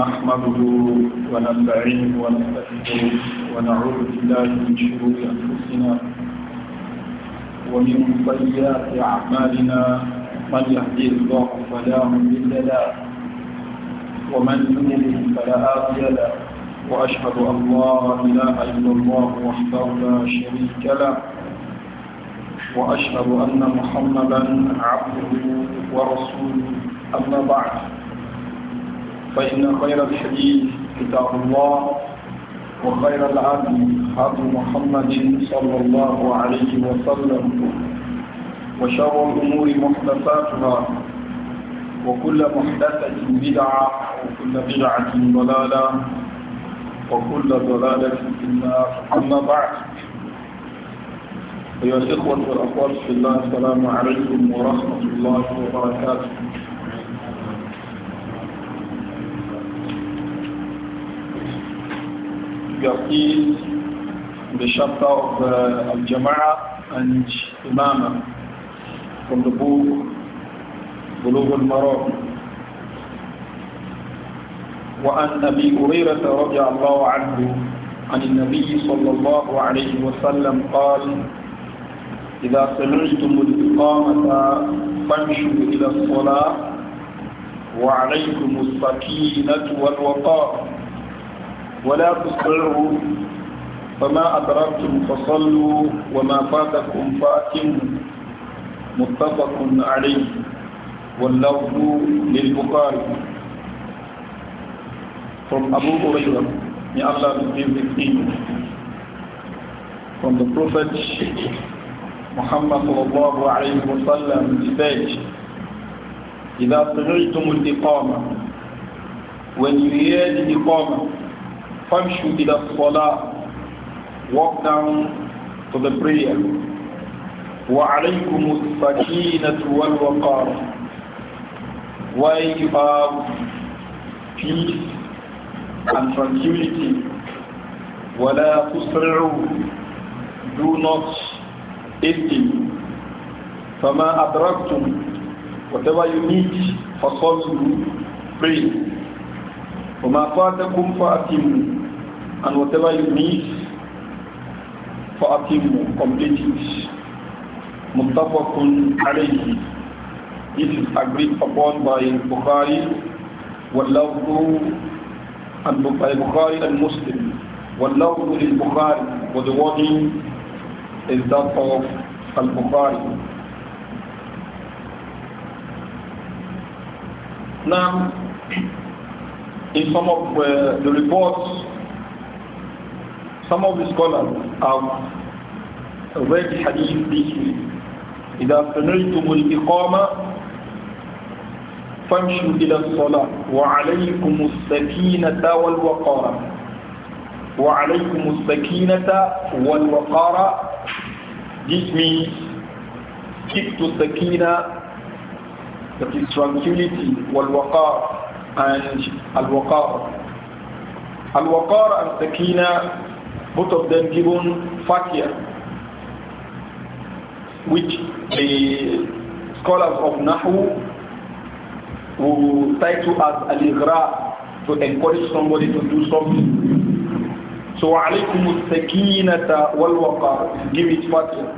نحمده ونستعينه ونستغفره ونعوذ بالله من شرور انفسنا ومن سيئات اعمالنا من يهديه الله فلا مضل له ومن يضلل فلا هادي له واشهد ان لا اله الا الله وحده لا شريك له وأشهد أن محمدا عبده ورسوله أما بعد فإن خير الحديث كتاب الله وخير العهد حق محمد صلى الله عليه وسلم وشر الأمور محدثاتها وكل محدثة بدعة وكل بدعة ضلالة وكل ضلالة في النار أما بعد أيها الإخوة والأخوات في الله السلام عليكم ورحمة الله وبركاته Yaqeen, the chapter of Al-Jama'ah and Imama from the book بلوغ المرام وعن أبي هريرة رضي الله عنه عن النبي صلى الله عليه وسلم قال إذا سمعتم الإقامة فامشوا إلى الصلاة وعليكم السكينة والوقار ولا تصدعوا فما أدركتم فصلوا وما فاتكم فاتموا متفق عليه واللفظ للبخاري from Abu Hurairah may Allah be with him from the Prophet Muhammad صلى الله عليه وسلم بفاج إذا سمعتم الإقامة when you hear the إقامة فَمْشُوا إِلَى الصَّلَاةِ Walk down to the prayer. وَعَلَيْكُمُ السَّكِينَةُ وَالْوَقَارُ Why you have peace and tranquility. وَلَا تُسْرِعُوا Do not hasten. فَمَا أَدْرَكْتُمْ Whatever you need for some pray. وَمَا فَاتَكُمْ فَأَتِمُّ And whatever you miss, for Complete it. مُتَّفَقٌ عَلَيْهِ This is agreed upon by Bukhari, وَاللَّفْضُ and by Bukhari and Muslim. وَاللَّفْضُ لِلْبُخَارِ For the wording is that of Al-Bukhari. Now, in some of uh, the reports, some of the scholars have read hadith this way. إذا سمعتم الإقامة فامشوا إلى الصلاة وعليكم السكينة والوقار وعليكم السكينة والوقار This means keep to sakina that is tranquility والوقار and Al-Waqar. Al-Waqar and Sakina, both of them given Fakia, which the scholars of Nahu will title as Al-Ighra to encourage somebody to do something. So وعليكم السكينة والوقار give it fatia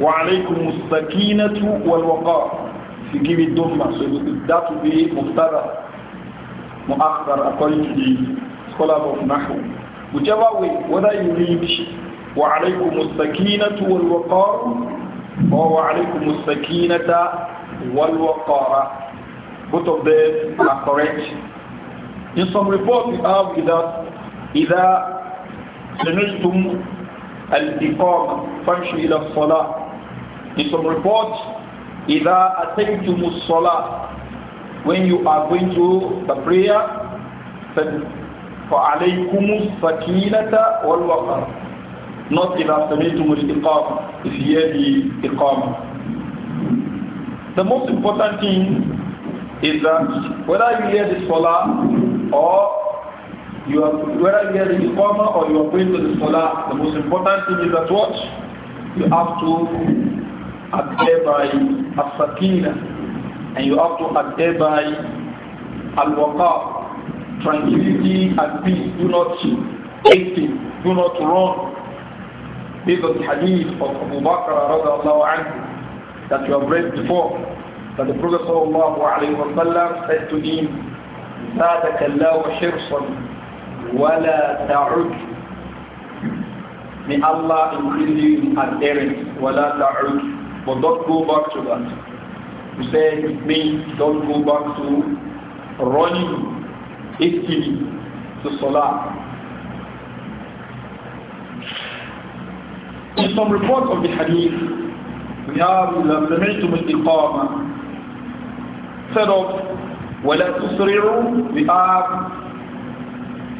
وعليكم السكينة والوقار you give it dhamma so that will be muftada مؤخر according to the نحو of Nahu. Whichever way, whether you read وعليكم السكينة والوقار وعليكم السكينة والوقار both of them are correct. In some reports we have إذا إذا سمعتم الإقامة فامشوا إلى الصلاة. In some reports إذا أتيتم الصلاة when you are going to the prayer, فَعَلَيْكُمُ السَّكِينَةَ وَالْوَقَرَ Not إِذَا to الْإِقَامَ If you the iqam. The most important thing is that whether you hear the salah or you are, whether you hear the iqama or you are going to the salah, the most important thing is that what? You have to adhere by as-sakina, and you have to adhere by al waqar tranquility and peace. Do not hasten, do not run. This is the hadith of Abu Bakr anhu, that you have read before, that the Prophet ﷺ said to him, زادك الله حرصا ولا تعد May Allah increase you in adherence ولا تعد but don't go back to that you said me don't go back to running hastily to Salah. In some reports of the hadith, we have إِذَا سَمِعْتُمُ الْإِقَامَةِ Set off وَلَا تُسْرِعُوا We have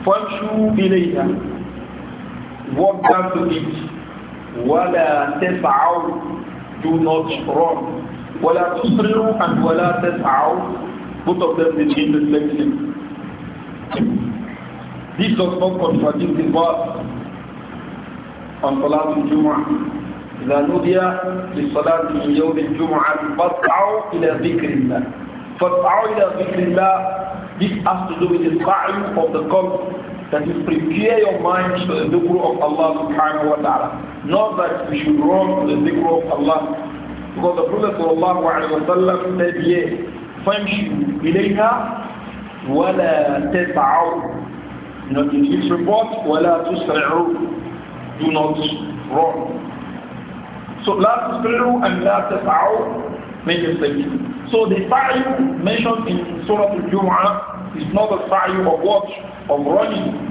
فَمْشُوا إِلَيْهَا Walk down to it. وَلَا تَفْعَوْا Do not run. وَلَا تُسْرِعُوا أن وَلَا تَسْعَوْا Both of them begin the same thing. This does not contradict the verse on Salat al-Jumu'ah. إذا نودي للصلاة من يوم الجمعة فاسعوا إلى ذكر الله فاسعوا إلى ذكر الله This has to do with the value of the call that is prepare your mind to the dhikr of Allah subhanahu wa ta'ala. Not that you should run to the dhikr of Allah Because the Prophet ﷺ said, yes, فَمْشِوا إِلَيْهَا وَلَا تَسْعَوْا You know, in his report, وَلَا تُسْرِعُوا Do not run. So, لَا تُسْرِعُوا and لَا تَسْعَوْا make a statement. So the value mentioned in Surah Al-Jum'ah is not a value of what? Of running.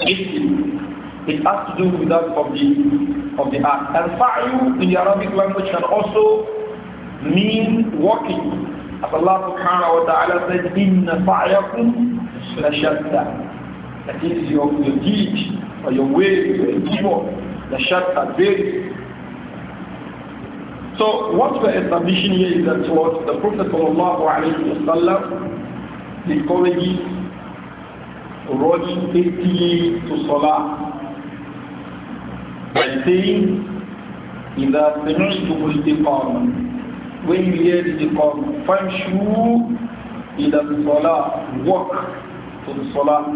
It's it has to do with that of the, of the act. And fa'yu in the Arabic language can also mean walking. As Allah subhanahu wa ta'ala said, Inna fa'yakum lashatta. That is your, your deed or your way, your endeavor, lashatta, varies. So what we're establishing here is that what the Prophet sallallahu alayhi wa sallam encourages running 80 to Salah by saying, إِذَا سَمِعْتُمُ الْإِقَامَ When you hear the find Iqam, in the الصَّلَاةِ Walk to the Salah.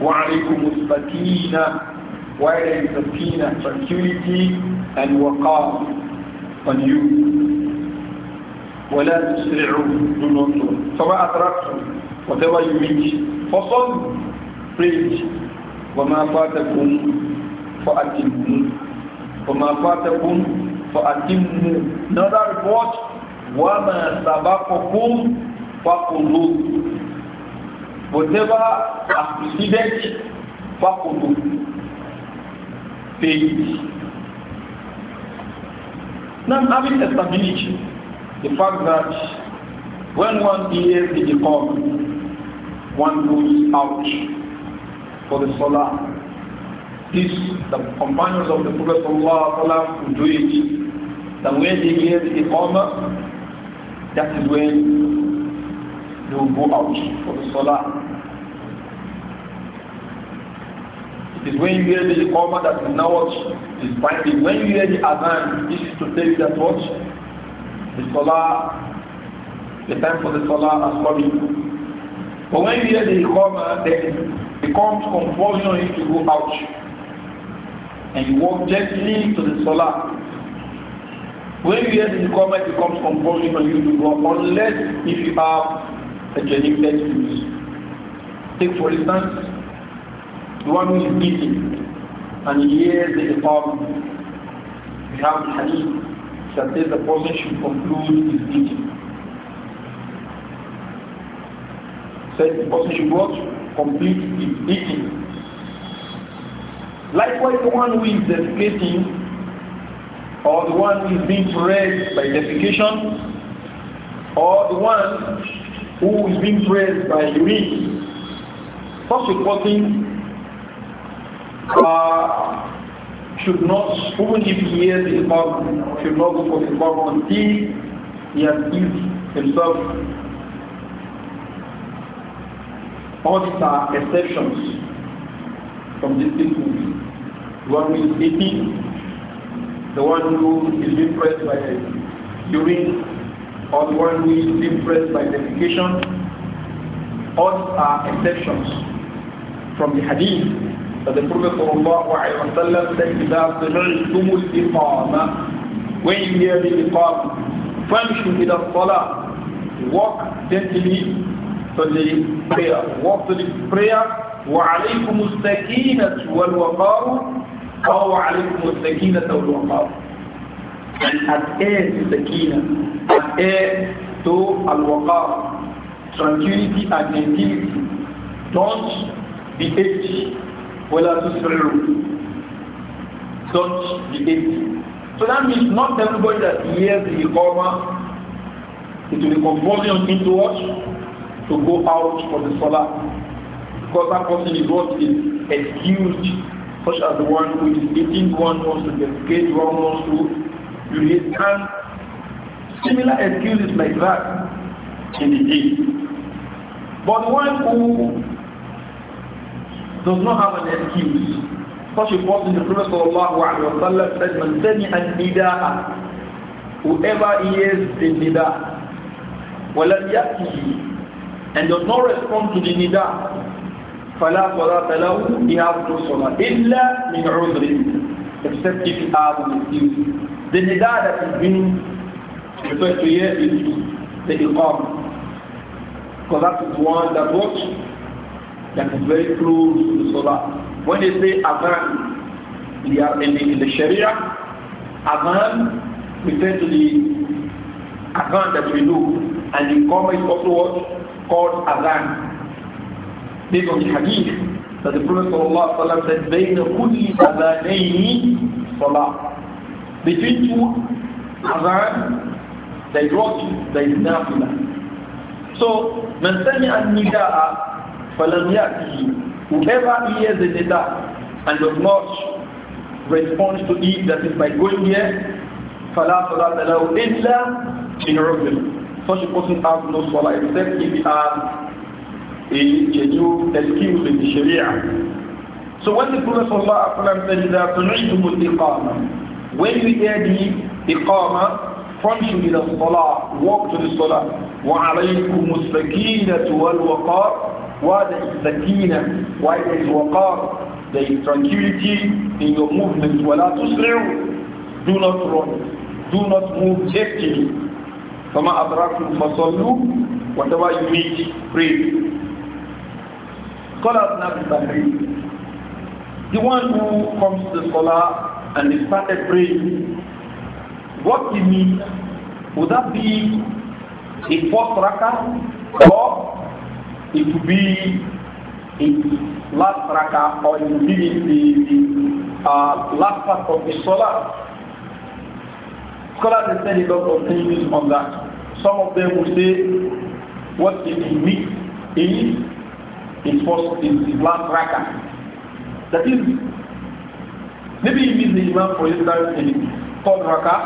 وَعَلَيْكُمُ السَّكِينَ While there is sakina, tranquility and waqar on you. وَلَا تُسْرِعُوا Do not do. So I attract whatever you meet. For some, preach. وَمَا فَاتَكُمْ فأتموا وما فاتكم فأتموا another report وما سبقكم فقلوا whatever has preceded fakudu paid. Now having stability. the fact that when one hears the call, one goes out for the salah. This, the companions of the Prophet to do it. Then when they hear the Iqamah, that is when they will go out for the Salah. It is when you hear the that that is now what is binding. When you hear the Adhan, this is to tell you that what? The Salah, the time for the Salah has coming. But when you hear the Iqamah, then it becomes compulsory to go out and you walk gently to the solar. When you hear the comment, it comes compulsion on you to go unless if you have a genuine excuse. Take for instance, the one who is eating and he hears the imam. We have the hadith that says the person should conclude his eating. Says so the person should what? Complete his eating. Likewise, the one who is defecating or the one who is being praised by defecation or the one who is being praised by urine, such a person uh, should not, even if he hears the should not go for the until he has eased himself. All these are exceptions from these people. The one who is eating, the one who is being pressed by urine, or the one who is being pressed by defecation. All are exceptions from the hadith that the Prophet ﷺ said, إِذَا سَمِعْتُمُ الْإِقَامَ When you hear the Iqam, with إِلَى الصَّلَاةِ Walk gently to the prayer. Walk to the prayer وعليكم السكينة والوقار أو عليكم السكينة والوقار and adhere to sakina, tranquility and gentility. Don't be hasty, whether to Don't be So that means not everybody that hears the Iqama, it will be compulsion into what? To go out for the Salah. Because that person is what is excused, such as the one who is eating, one wants to defecate, one wants to urinate, and similar excuses like that in the day. But one who does not have an excuse, such a person, the Prophet said, Man sani an nida'a, whoever hears the nida'a, walam yatihi, and does not respond to the nida, فَلَا صَلَاةَ لَهُ He has no إِلَّا مِنْ عُذْرٍ Except if he has an excuse. The nida that is being referred to here is the iqam. Because that is one that what? That is very close to the salah. When they say adhan, they are in the, in the sharia, adhan refers to the adhan that we do. And iqam is also what? Called adhan based on the hadith that the Prophet ﷺ said, بَيْنَ كُلِّ أَذَانَيْنِ صَلَاةٌ Between two azan, there is what? There is nafila. So, مَنْ سَمِعَ النِّدَاءَ فَلَمْ يَأْتِهِ Whoever hears the nida and does not respond to it, that is by going there, فَلَا صَلَاةَ لَهُ إِلَّا in Such a person has no salah except if he has يجوز تسكين بالشريعة So when the Prophet ﷺ said that تُنْعِدُمُ الْإِقَامَ When you hear the Iqama, function to the walk to the Salah. وَعَلَيْكُمُ السَّكِينَةُ وَالْوَقَارُ Why is sakina? Why is waqar? There is tranquility in your movements. وَلَا تُسْرِعُ Do not run. Do not move hastily. فَمَا أَدْرَكْتُمْ فَصَلُّوا Whatever you need, pray. Scholars now disagree. The one who comes to the scholar and they started praying, what he means, would that be a fourth rakaah or it would be a last rakaah or it would be the, the uh, last part of the solar? Scholars have said a lot of things on that. Some of them will say what it means is his first his, his last raka. That is, maybe he meets the imam for instance in third raka,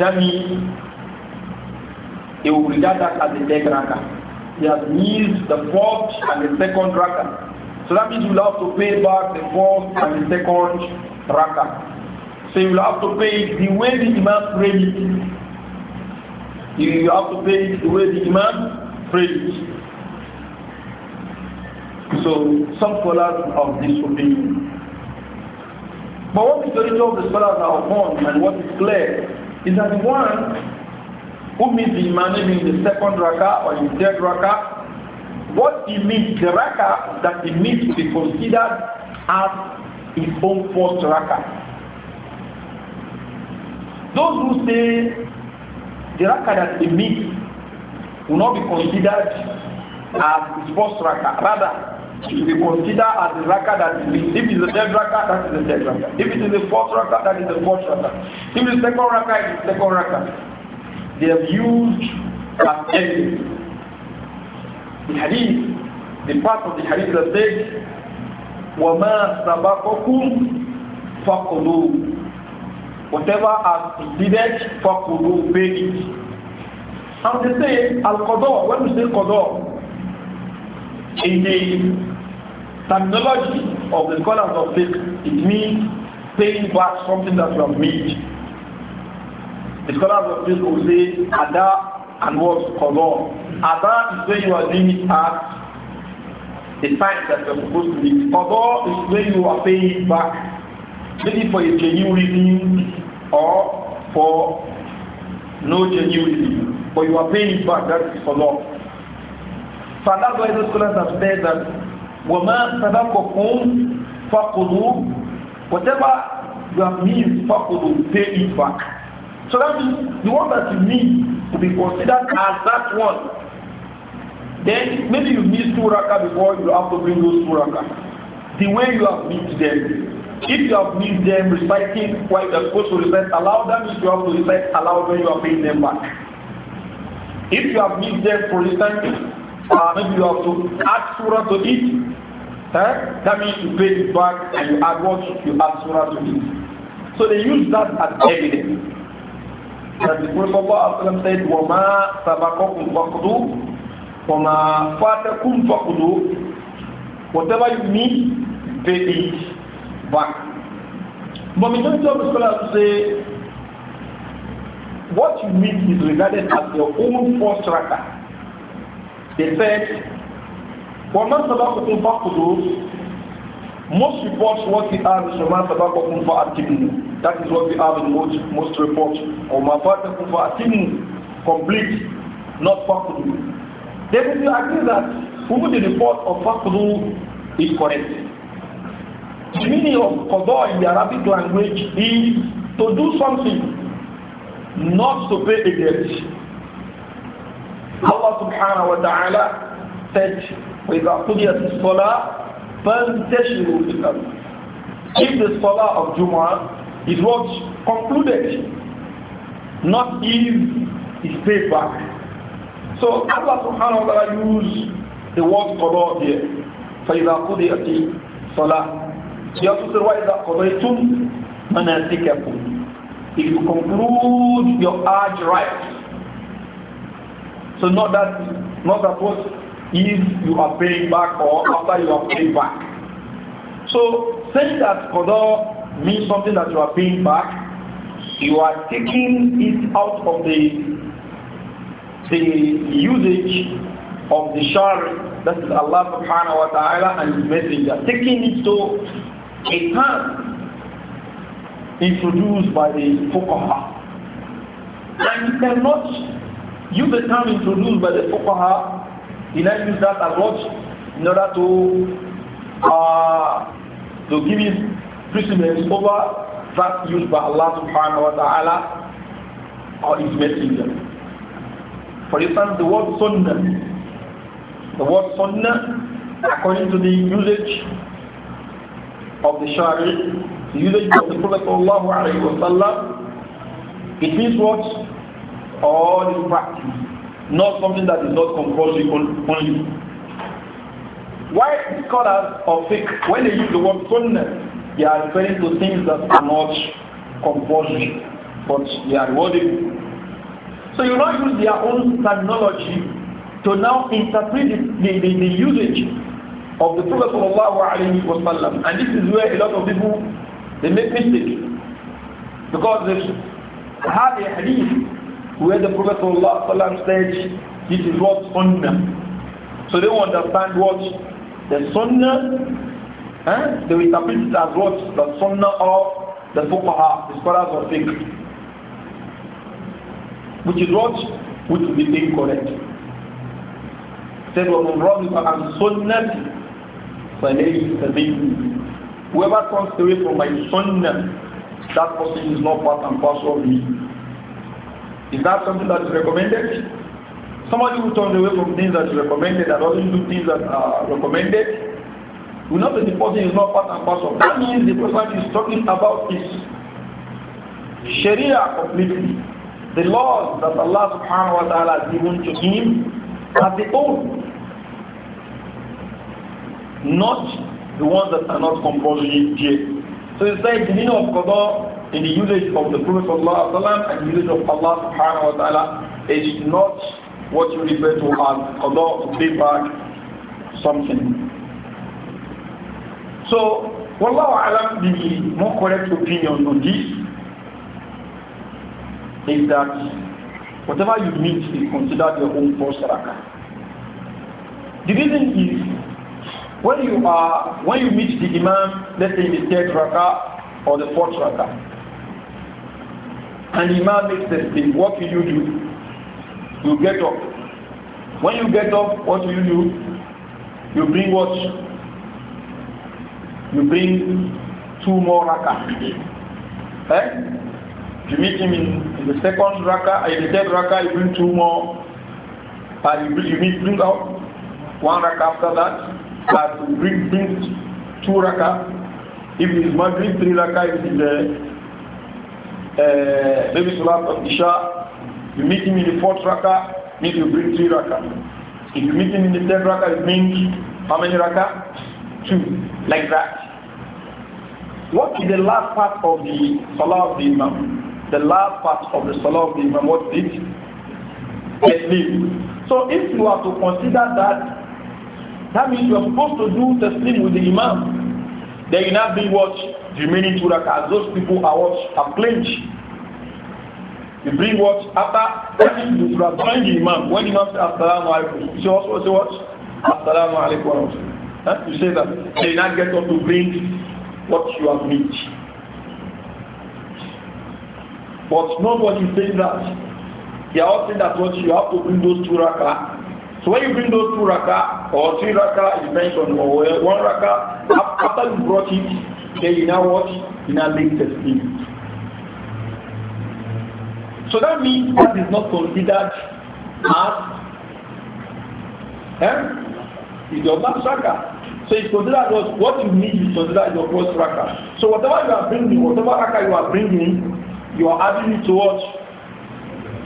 that means he will regard that as the third raka. He has missed the fourth and the second raka. So that means you will have to pay back the fourth and the second raka. So you will have to pay the way the imam prayed You have to pay the way the imam prayed so some scholars of this opinion. But what majority of the scholars are upon and what is clear is that the one who meets the Imam in the second raka or in the third raka, what he meets, the raka that he meets will be considered as his own first raka. Those who say the raka that he meets will not be considered as his first raka, rather should be considered as the raka that is If it's the third raka, that is the third raka. If it is the fourth raka, that is the fourth raka. If it's the second raka, it is the second raka. They have used that ending. The hadith, the part of the hadith that says, وَمَا سَبَقَكُمْ فَقُلُوا Whatever has preceded, فَقُلُوا Pay it. And they say, Al-Qadar, when we say Qadar, in the terminology of the scholars of faith, it means paying back something that you have made. The scholars of faith will say ada and what kodor. Ada is when you are doing it at the time that you are supposed to be. Kodor is when you are paying back, maybe for a genuine reason or for no genuine reason. But you are paying it back, that is kodor. So that's why the scholars have said that وَمَا سَبَقَكُمْ فَقُدُوا Whatever you have missed, Pay it back. So that means the one that you need to be considered as that one. Then maybe you miss two rakah before, you have to bring those two rakah. The way you have missed them. If you have missed them reciting while you're supposed to recite aloud, that means you have to recite aloud when you are paying them back. If you have missed them, for instance, uh, maybe you have to add surah to it. Eh? That means you pay it back and you add what you add surah to it. So they use that as evidence. That the Prophet ﷺ said, وَمَا سَبَقَكُمْ فَقْدُوا وَمَا فَاتَكُمْ فَقْدُوا Whatever you need, pay it back. But we majority of the scholars say, what you need is regarded as your own first tracker. They said, وَمَنْ to do, Most reports what we have is وَمَنْ سَبَقُكُمْ فَأَتِمُوا That is what we have in most, most reports. وَمَا فَأَتَكُمْ فَأَتِمُوا Complete, not فَأْخُذُوا They will agree that who the report of فَأْخُذُوا is correct. The meaning of qadha in the Arabic language is to do something, not to pay a debt. Allah subhanahu wa ta'ala said, وَإِذَا قُضِيَتِ الصَّلَاةِ فَانْتَشِرُوا فِي الْأَرْضِ If the Salah of Jumu'ah is what concluded, not if it's paid back. So Allah subhanahu wa ta'ala used the word qada here. فَإِذَا قُضِيَتِ الصَّلَاةِ He also said, وَإِذَا قَضَيْتُمْ مَنَاسِكَكُمْ If you conclude your Hajj right, so not that, not that what is you are paying back or after you are paying back. So saying that Qadar means something that you are paying back, you are taking it out of the the usage of the shari, that is Allah subhanahu wa ta'ala and His Messenger, taking it to a term introduced by the fuqaha. And you cannot use the term introduced by the fuqaha, he likes use that as lot, in order to uh, to give his precedence over that used by Allah subhanahu wa ta'ala or his messenger. For instance, the word sunnah, the word sunnah, according to the usage of the Sharia, the usage of the Prophet Allah, it means what? All this practice, not something that is not compulsory on, you. Why scholars of fiqh, when they use the word sunnah, they are referring to things that are not compulsory, but they are rewarding. So you not use their own terminology to now interpret the, the, the, the usage of the Prophet Allah And this is where a lot of people they make mistakes because they have a hadith where the Prophet ﷺ said, this is what sunnah. So they will understand what the sunnah, eh? they will interpret it as what the sunnah of the fuqaha, the scholars of fiqh. Which is what? Which will be incorrect. Said, وَمَنْ رَضِفَ عَنْ سُنَّةِ فَلَيْسَ مِنِّي Whoever comes away from my sunnah, that person is not part and parcel of me. Is that something that's recommended? Somebody who turns away from things that's recommended and doesn't do things that are recommended we know that the person is not part and parcel. That means the person is talking about is Sharia completely. The laws that Allah subhanahu wa ta'ala has given to him are the old, not the ones that are not compulsory. So it's like the meaning of Qadar in the usage of the Prophet ﷺ and the usage of Allah subhanahu wa ta'ala is not what you refer to as qadar to pay back something. So, Wallahu alam, the more correct opinion on this is that whatever you meet is considered your own first rakah. The reason is when you are when you meet the imam, let's say in the third rakah or the fourth rakah, and the imam makes the mistake, what will you do? You get up. When you get up, what do you do? You bring what? You bring two more rakah. Eh? You meet him in, in the second rakah, in the third rakah, you bring two more. And you bring, you meet, bring out one rakah after that. But bring, bring two rakah. If it is Maghrib, three rakah. If it is uh, uh, maybe Salat of Isha, you meet him in the fourth raka, means you bring three raka. If you meet him in the third raka, it means how many raka? Two, like that. What is the last part of the Salah of the Imam? The last part of the Salah of the Imam, what is it? Taslim. So if you are to consider that, that means you are supposed to do the Taslim with the Imam. They will not be what? Remaining two rak'ahs. Those people are what? Are plenty. You bring what? After when you are joining the Imam, when Imam says Assalamu alaikum, you say also say what? Assalamu alaikum. Huh? You say that. They will not get up to bring what you have meet. But nobody saying that. They are all saying that what you have to bring those two rak'ahs so when you bring those two raka or three raka, it depends on or one raka, after you brought it, then you now watch, You now make the So that means that is not considered as eh? is your last raka. So it's considered as what you need is considered your first raka. So whatever you are bringing, whatever raka you are bringing, you are adding it to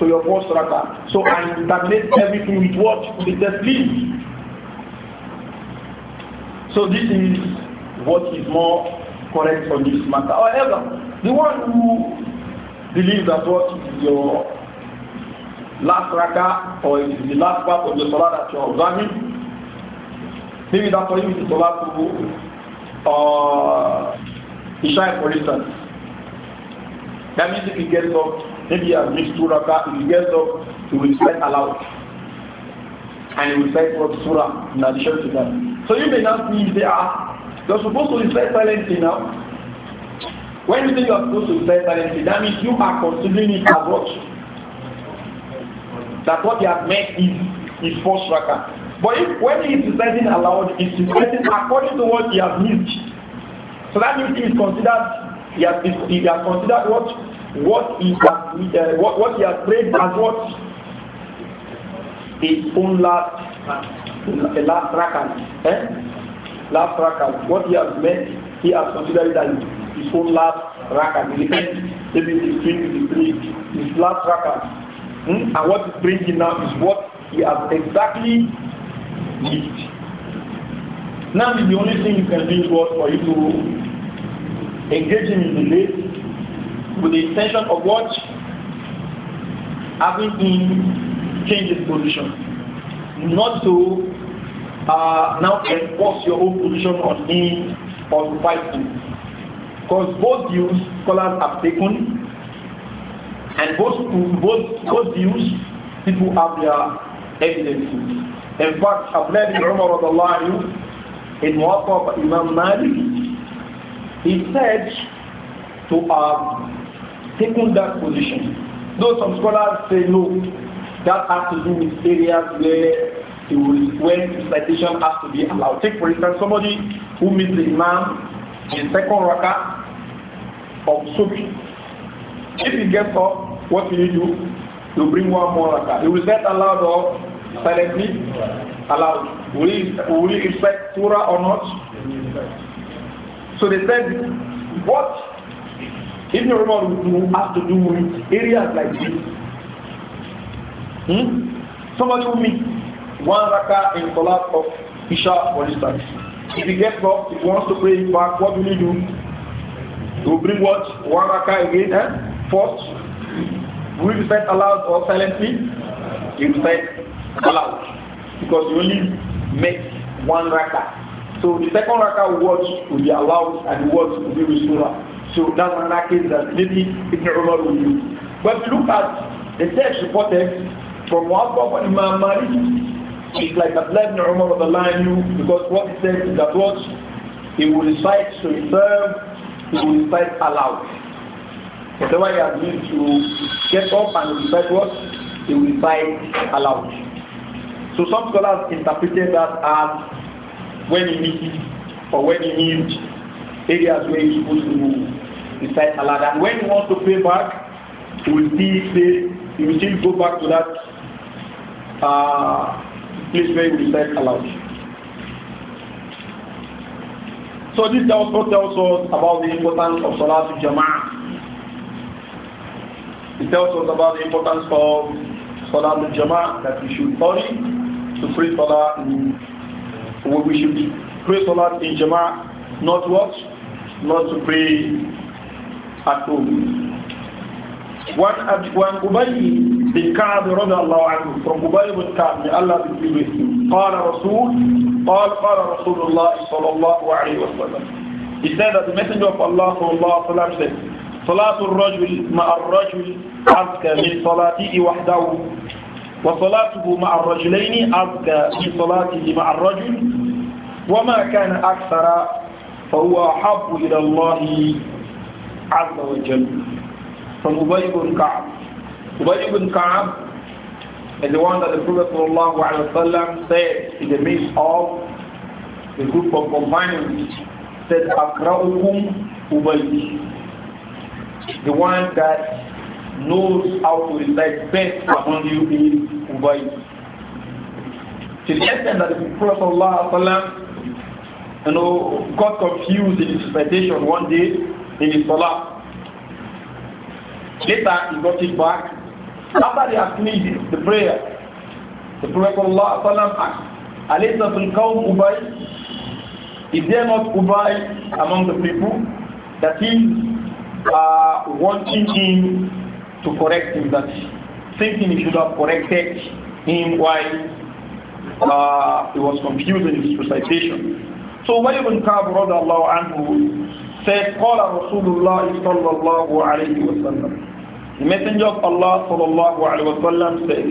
to your first rakah. So I terminate everything with what? With the taslim. So this is what is more correct on this matter. However, the one who believes that what is your last rakah or the last part of the salah that you are observing, maybe that for him is salah to uh, Isha for instance. That means if he gets up Maybe he has missed two rakah. If he gets up, you will recite aloud. And he will recite what surah in addition to that. So you may not see if they are. You're supposed to recite silently now. When you think you are supposed to recite silently, that means you are considering it as what? That what you have missed is, is first rakah. But if, when he is reciting aloud, is reciting according to what he has missed. So that means he is considered he has, he has considered what what he has, uh, what, what he has prayed as what? His own last, last record, Eh? Last record. What he has meant, he has considered it as his own last record. He repents maybe 15, 53, his last record. Hmm? And what is bringing now is what he has exactly lived. Now the only thing you can do is what for you to engage in the late with the intention of what? Having him change his position. Not to uh, now enforce your own position on him or to fight him. Because both views scholars have taken and both, both, both views people have their evidences. In fact, Abdullah bin Umar in Muwatta Imam Malik, he said to our. Um, taken that position. Though some scholars say no, that has to do with areas where will, when citation has to be allowed. Take for instance somebody who meets the imam in second raka of Subhi. If he gets up, what will he do? You bring one more raka. he will say aloud or silently? Allowed. Will he, will he recite surah or not? So they said, what Ibn Umar has to do with areas like this. Hmm? Somebody will make one raka in salat of Isha, for instance. If he gets up, if he wants to pray back, what will he do? He will bring what? One raka again, eh? First, will you recite aloud or silently? You recite aloud. Because you only make one raka. So the second raka will, will be allowed and the words will be restored. So that's another case that maybe Ibn Umar will use. But if you look at the text reported from Wahab and Imam Malik, it's like a Ibn Umar of the line because what he said is that what he will recite to himself, he will recite aloud. Whatever he has been to get up and recite what? He will recite aloud. So some scholars interpreted that as when he needs or when he needs areas where you're supposed to inside Allah. And when you want to pay back, you will still say, you will still go back to that uh, place where you recite Allah. So this also tells us about the importance of in Jama'ah. It tells us about the importance of in Jama'ah that we should study to pray Salah in, we should pray Salah in Jama'ah, not what? not to pray at home. One, uh, one Ubay bin Ka'ab radiallahu anhu, from Ubay bin Ka'ab, may Allah be pleased with him, قال رسول, قال قال رسول الله صلى الله عليه وسلم. He said that the messenger of Allah صلى الله عليه وسلم said, صلاة الرجل مع الرجل أزكى من صلاته وحده وصلاته مع الرجلين أزكى من صلاته مع الرجل وما كان أكثر فهو أحب إلى الله عز وجل from Ubay ibn Ka'ab Ubay ibn is the one that the Prophet ﷺ said in the midst of the group of companions said Akra'ukum Ubay the one that knows how to recite best among you is Ubay to the extent that the Prophet ﷺ you know, got confused in his recitation one day in his salah. Later, he got it back. After they had finished the prayer, the Prophet ﷺ asked, Alaysa fil qawm Ubay? Is there not Ubay among the people that is uh, wanting him to correct him, that thinking he should have corrected him while uh, he was confused in his recitation? So Ubay ibn Ka'b radiallahu anhu said, Qala Rasulullah صلى الله عليه وسلم, The Messenger of Allah sallallahu alayhi wa sallam said,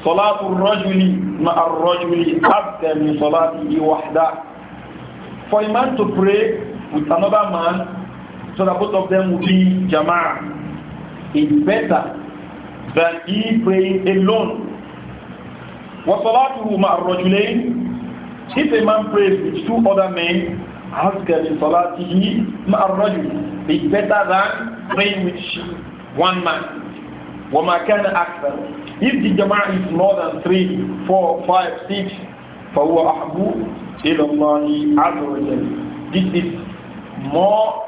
صلاة الرجل مع الرجل أبدا من صلاته وحده. For a man to pray with another man, so that both of them will be jama'ah, is better than he praying alone. وصلاته مع الرجلين if a man prays with two other men, ask salatihi ma'arrajul. be better than praying with one man. وَمَا كَانَ أَكْثَرُ If the jama'ah is more than three, four, five, six, فَهُوَ أَحْبُ إِلَى اللَّهِ عَزَ وَجَلِ This is more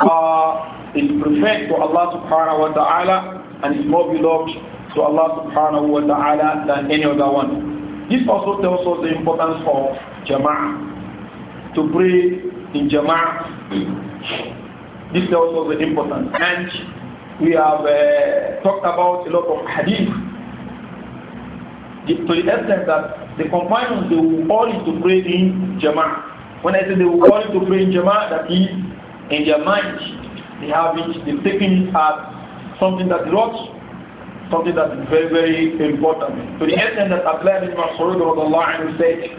uh, is preferred to Allah subhanahu wa ta'ala and is more beloved to Allah subhanahu wa ta'ala than any other one. This also tells us the importance of Jama'ah, to pray in Jama'ah. This tells us the importance. And we have uh, talked about a lot of hadith to the extent that the companions, they will all to pray in Jama'ah. When I say they will all to pray in Jama'ah, that is, in their mind, they have it, they've taken it as something that the Lord something that is very, very important. To the extent that Abdullah bin Mas'ud said,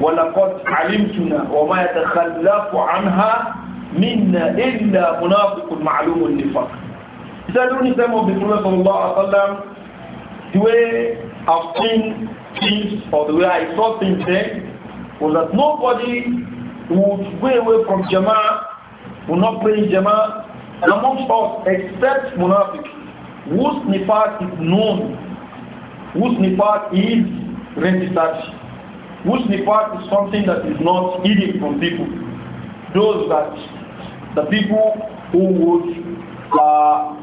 وَلَقَدْ عَلِمْتُنَا وَمَا يَتَخَلَّفُ عَنْهَا مِنَّا إِلَّا مُنَافِقٌ مَعْلُومٌ النِّفَاقِ He said during the time of the Prophet sallam, the way I've seen things or the way I saw things then was that nobody would go away from Jama'ah, would not pray in Jama'ah amongst us except Munafiq. whose nifaq is known, whose nifaq is registered, whose nifaq is something that is not hidden from people. Those that the people who would uh,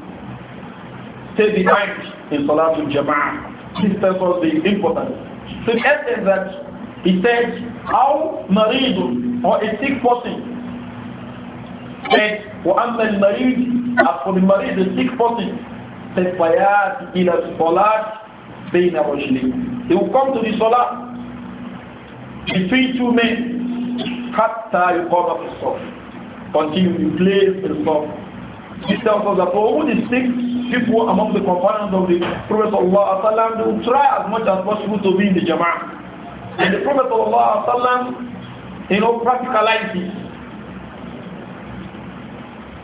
stay behind in Salatul Jama'ah. This tells us the importance. So the essence that he says, how maridun or a sick person said, وَأَمَّا الْمَرِيدِ As for the married the sick person, الفيات إلى الصلاة بين رجلين They will come to the Salah between two men حتى يقام في الصف Continue to play the صف This tells us that for all the six people among the companions of the Prophet ﷺ, they will try as much as possible to be in the Jama'ah. And the Prophet ﷺ, you know, practicalized this.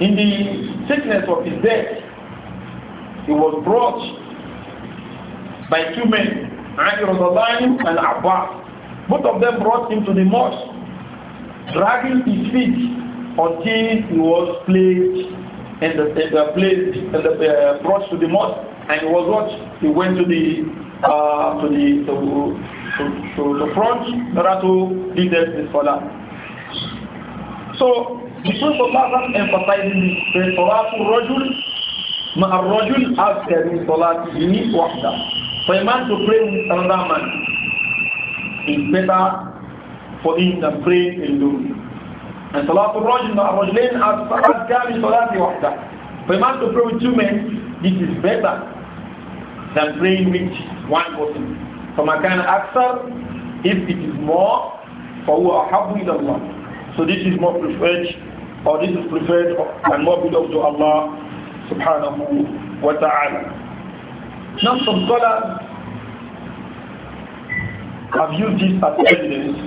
In the sickness of his death, he was brought by two men, Ali Radhalani and Abbas. Both of them brought him to the mosque, dragging his feet until he was placed and the, in the place and the, uh, brought to the mosque, and he was what he went to the uh, to the to, to, to the front in order to lead them the salah. So the Prophet emphasizing this, the Salatul Rajul مع الرجل أكثر من صلاته وحده For a man to pray with another man is better for him to pray alone. And صلاة الرجل مع الرجلين أكثر من صلاته For a man to pray with two men, this is better than praying with one person. فما كان أكثر if it is more فهو أحب إلى Allah. So this is more preferred or this is preferred and more beloved to Allah subhanahu wa ta'ala. Now some scholars have used this as evidence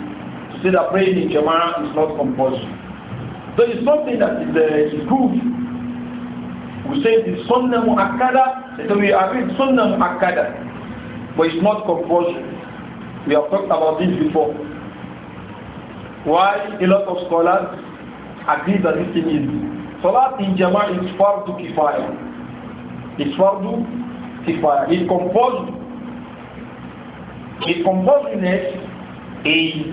to say that praying in Jama'ah is not compulsory. There is something that is, uh, is We say the sunnah mu'akkada, so we agree sunnah mu'akkada, but it's not compulsory. We have talked about this before. Why a lot of scholars agree that this thing is Salat in Jama'ah is fardu kifaya. It's fardu kifaya. It's composed. Its composedness is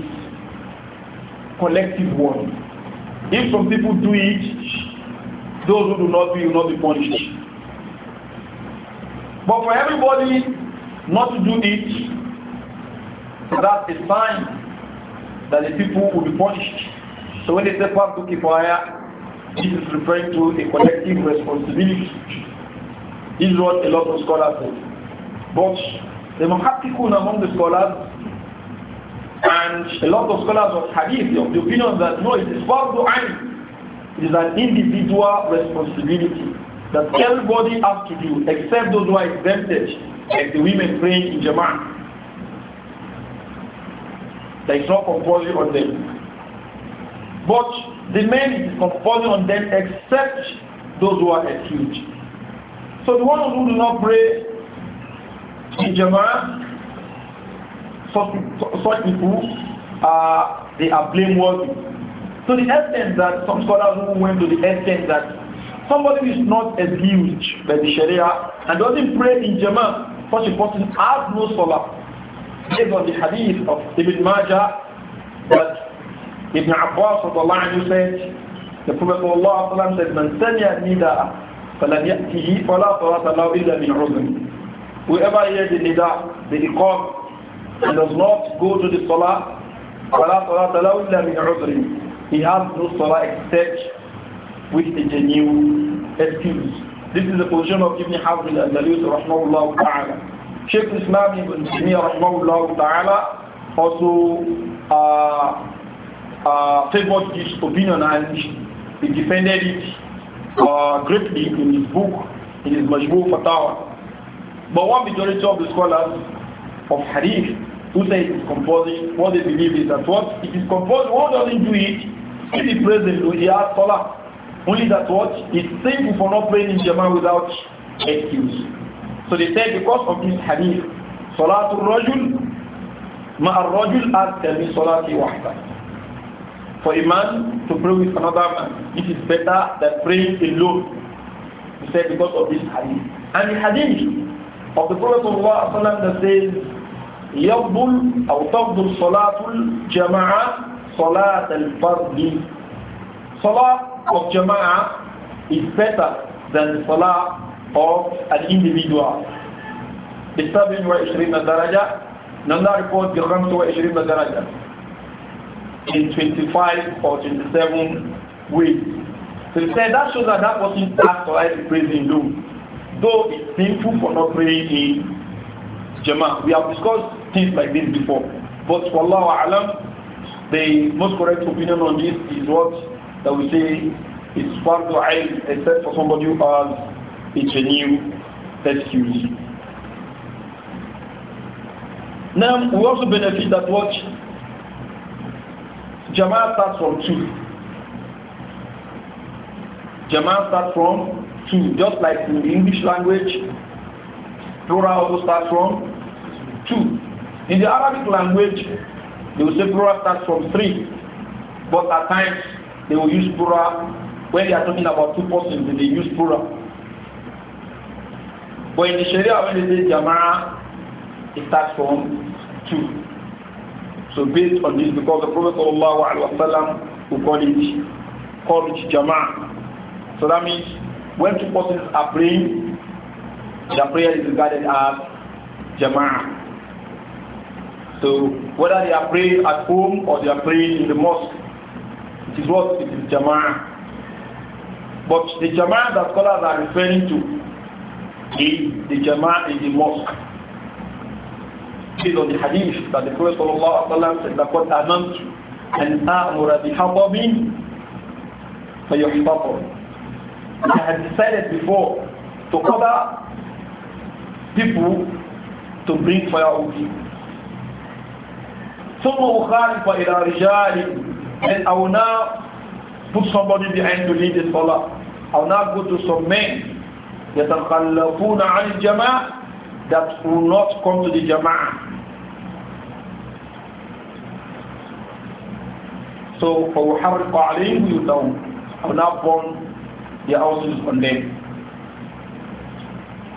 collective one. If some people do it, those who do not do will not be punished. But for everybody not to do it, that's a sign that the people will be punished. So when they say fardu kifaya, this is referring to a collective responsibility. This is what a lot of scholars say. But the muhakkikun among the scholars and a lot of scholars of hadith of the opinion that no, it is fardu ain. It is an individual responsibility that everybody has to do except those who are exempted, like the women praying in Jama'ah. That is not compulsory on them. But the men is compulsory on them except those who are huge. So the ones who do not pray in Jama'ah, such, people, uh, they are blameworthy. So the extent that some scholars who went to the extent that somebody is not huge by the Sharia and doesn't pray in Jama'ah, such a person has no salah. Based on the hadith of Ibn Majah that Ibn Abbas of Allah said, the Prophet of Allah said, Man sami'a nida, falam ya'tihi, fala salata law illa min uzn. Whoever hears the nida, the iqab, and does not go to the salah, fala salata law illa min uzn. He has no salah except with a genuine excuse. This is the position of Ibn Hazm al-Andalus rahmahullah ta'ala. Sheikh Islam ibn Taymiyyah rahmahullah ta'ala also uh, uh, favored this opinion and he defended it uh, greatly in his book, in his Majmu Fatawa. But one majority of the scholars of Hadith who say it is composed, what they believe is that what it is composed. one doesn't do it, if he prays with the has salah. Only that what it's sinful for not praying in Jama'ah without excuse. So they say because of this hadith, Salatul Rajul Ma'ar Rajul At Tami Salati Wahda for a man to pray with another man, it is better than praying alone. He said because of this hadith. And the hadith of the Prophet that says, يَقْبُلْ أَوْ تَقْبُلْ صَلَاةُ الْجَمَاعَةِ صَلَاةَ الْفَرْدِ Salah of Jama'ah is better than the Salah of an individual. بسبع وعشرين درجة نلا ريبورت بخمس وعشرين درجة in 25 or 27 weeks, So he said that shows that that person asked for right to praise in Doom, though it's sinful for not praying in Jama. We have discussed things like this before, but for Allah Alam, the most correct opinion on this is what that we say is far to aid except for somebody who has a genuine excuse. Now, we also benefit that watch. Jama'ah starts from two. Jama'ah starts from two. Just like in the English language, plural also starts from two. In the Arabic language, they will say plural starts from three. But at times, they will use plural. When they are talking about two persons, they use plural. But in the Sharia, when they say Jama'ah, it starts from two. So based on this, because the Prophet ﷺ who called it, called it jama'ah. So that means when two persons are praying, their prayer is regarded as jama'ah. So whether they are praying at home or they are praying in the mosque, it is what? It is jama'ah. But the jama'ah that scholars are referring to is the jama'ah in the mosque. based on the بعد that صلى الله عليه وسلم wasallam قلت أمامك أن أعمر an amura I had decided before to cover people to bring fire on firewood. ثم أخالف إلى رجال and I will now put somebody behind to lead the salah. I will now go to some men يتخلفون عن الجماعة that will not come to the Jama'ah. So, for فَوْحَرِقَ you يُدَوْمْ I will not burn the houses on them.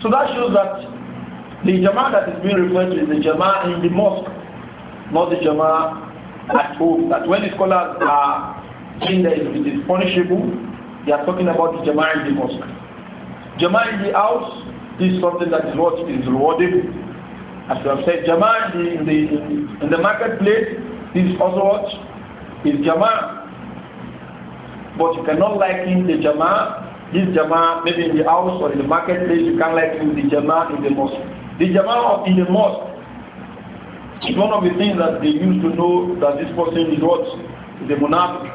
So that shows that the Jama'ah that is being referred to is the Jama'ah in the mosque, not the Jama'ah at home. That when the scholars are saying that it is punishable, they are talking about the Jama'ah in the mosque. Jama'ah in the house this is something that is what is rewarded, As we have said, Jama'ah in the, in the marketplace is also what? Is Jama'ah. But you cannot liken the Jama'ah, this Jama'ah maybe in the house or in the marketplace, you can't liken the Jama'ah in the mosque. The Jama'ah in the mosque is one of the things that they used to know that this person is what? The monarch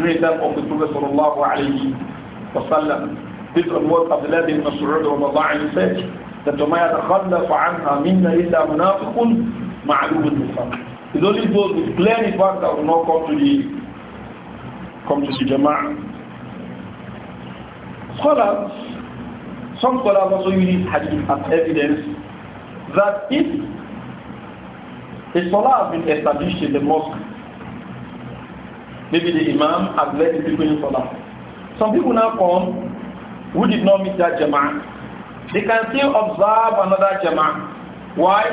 during the time of the Prophet sallallahu This was what Abdullah bin Mas'ud said, that وَمَا يَتَخَلَّفَ عَنْهَا مِنَّا إِلَّا مُنَافِقٌ مَعْلُومٌ نِفَاقٌ It's only those with clear nifaq that will not come Scholars, some scholars also use hadith as evidence that if a salah has been established in the mosque, maybe the imam has led the people in salah. Some people now come who did not meet that jama'ah. They can still observe another jama'ah. Why?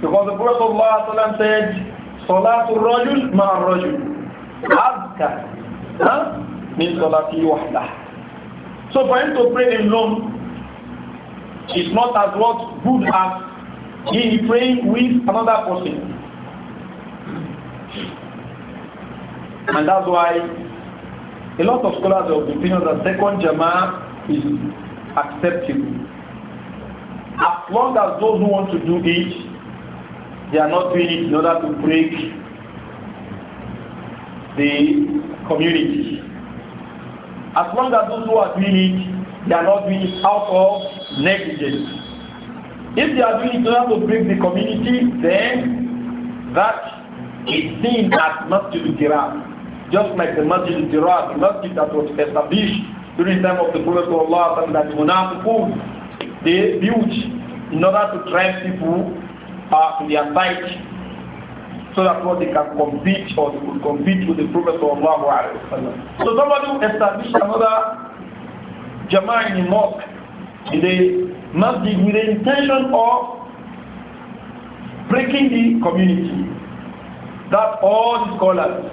Because the Prophet Allah said, Salatul Rajul Ma'ar Rajul. Azka. Huh? Min Salati So for him to pray alone is not as what good as he praying with another person. And that's why a lot of scholars of the opinion that second Jama'ah is acceptable. As long as those who want to do it, they are not doing it in order to break the community. As long as those who are doing it, they are not doing it out of negligence. If they are doing it in order to break the community, then that is seen as Masjid be dirab Just like the Masjid al-Dirab, the Masjid that was established during the time of the Prophet Allah that Munafiqun, they built in order to drive people uh, to their side so that what they can compete or they could compete with the Prophet Allah. So somebody who established another Jama'ah in the mosque, in the masjid with the intention of breaking the community. That all the scholars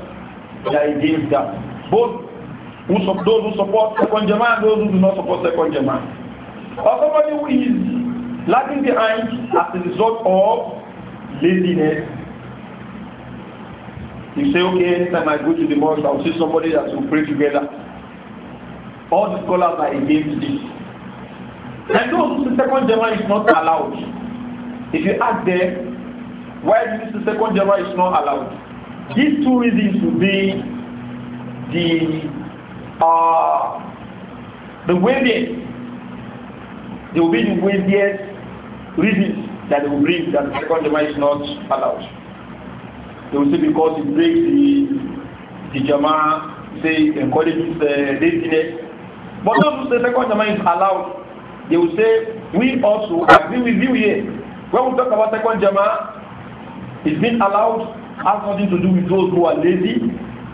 are against that. Both who those who support second Jamaah and those who do not support second Jamaah. Or somebody who is lagging behind as a result of laziness. You say, okay, anytime I go to the mosque, I'll see somebody that will pray together. All the scholars are against this. And those who second Jamaah is not allowed. If you ask them, why do you second Jamaah is not allowed? These two reasons will be the uh, the weightiest, there will be the weightiest reasons that they will bring that the second Jama is not allowed. They will say because it breaks the, the Jama, say encourages uh, laziness. But those who say second Jama is allowed, they will say, we also agree with you here. When we talk about second Jama, it's been allowed, has nothing to do with those who are lazy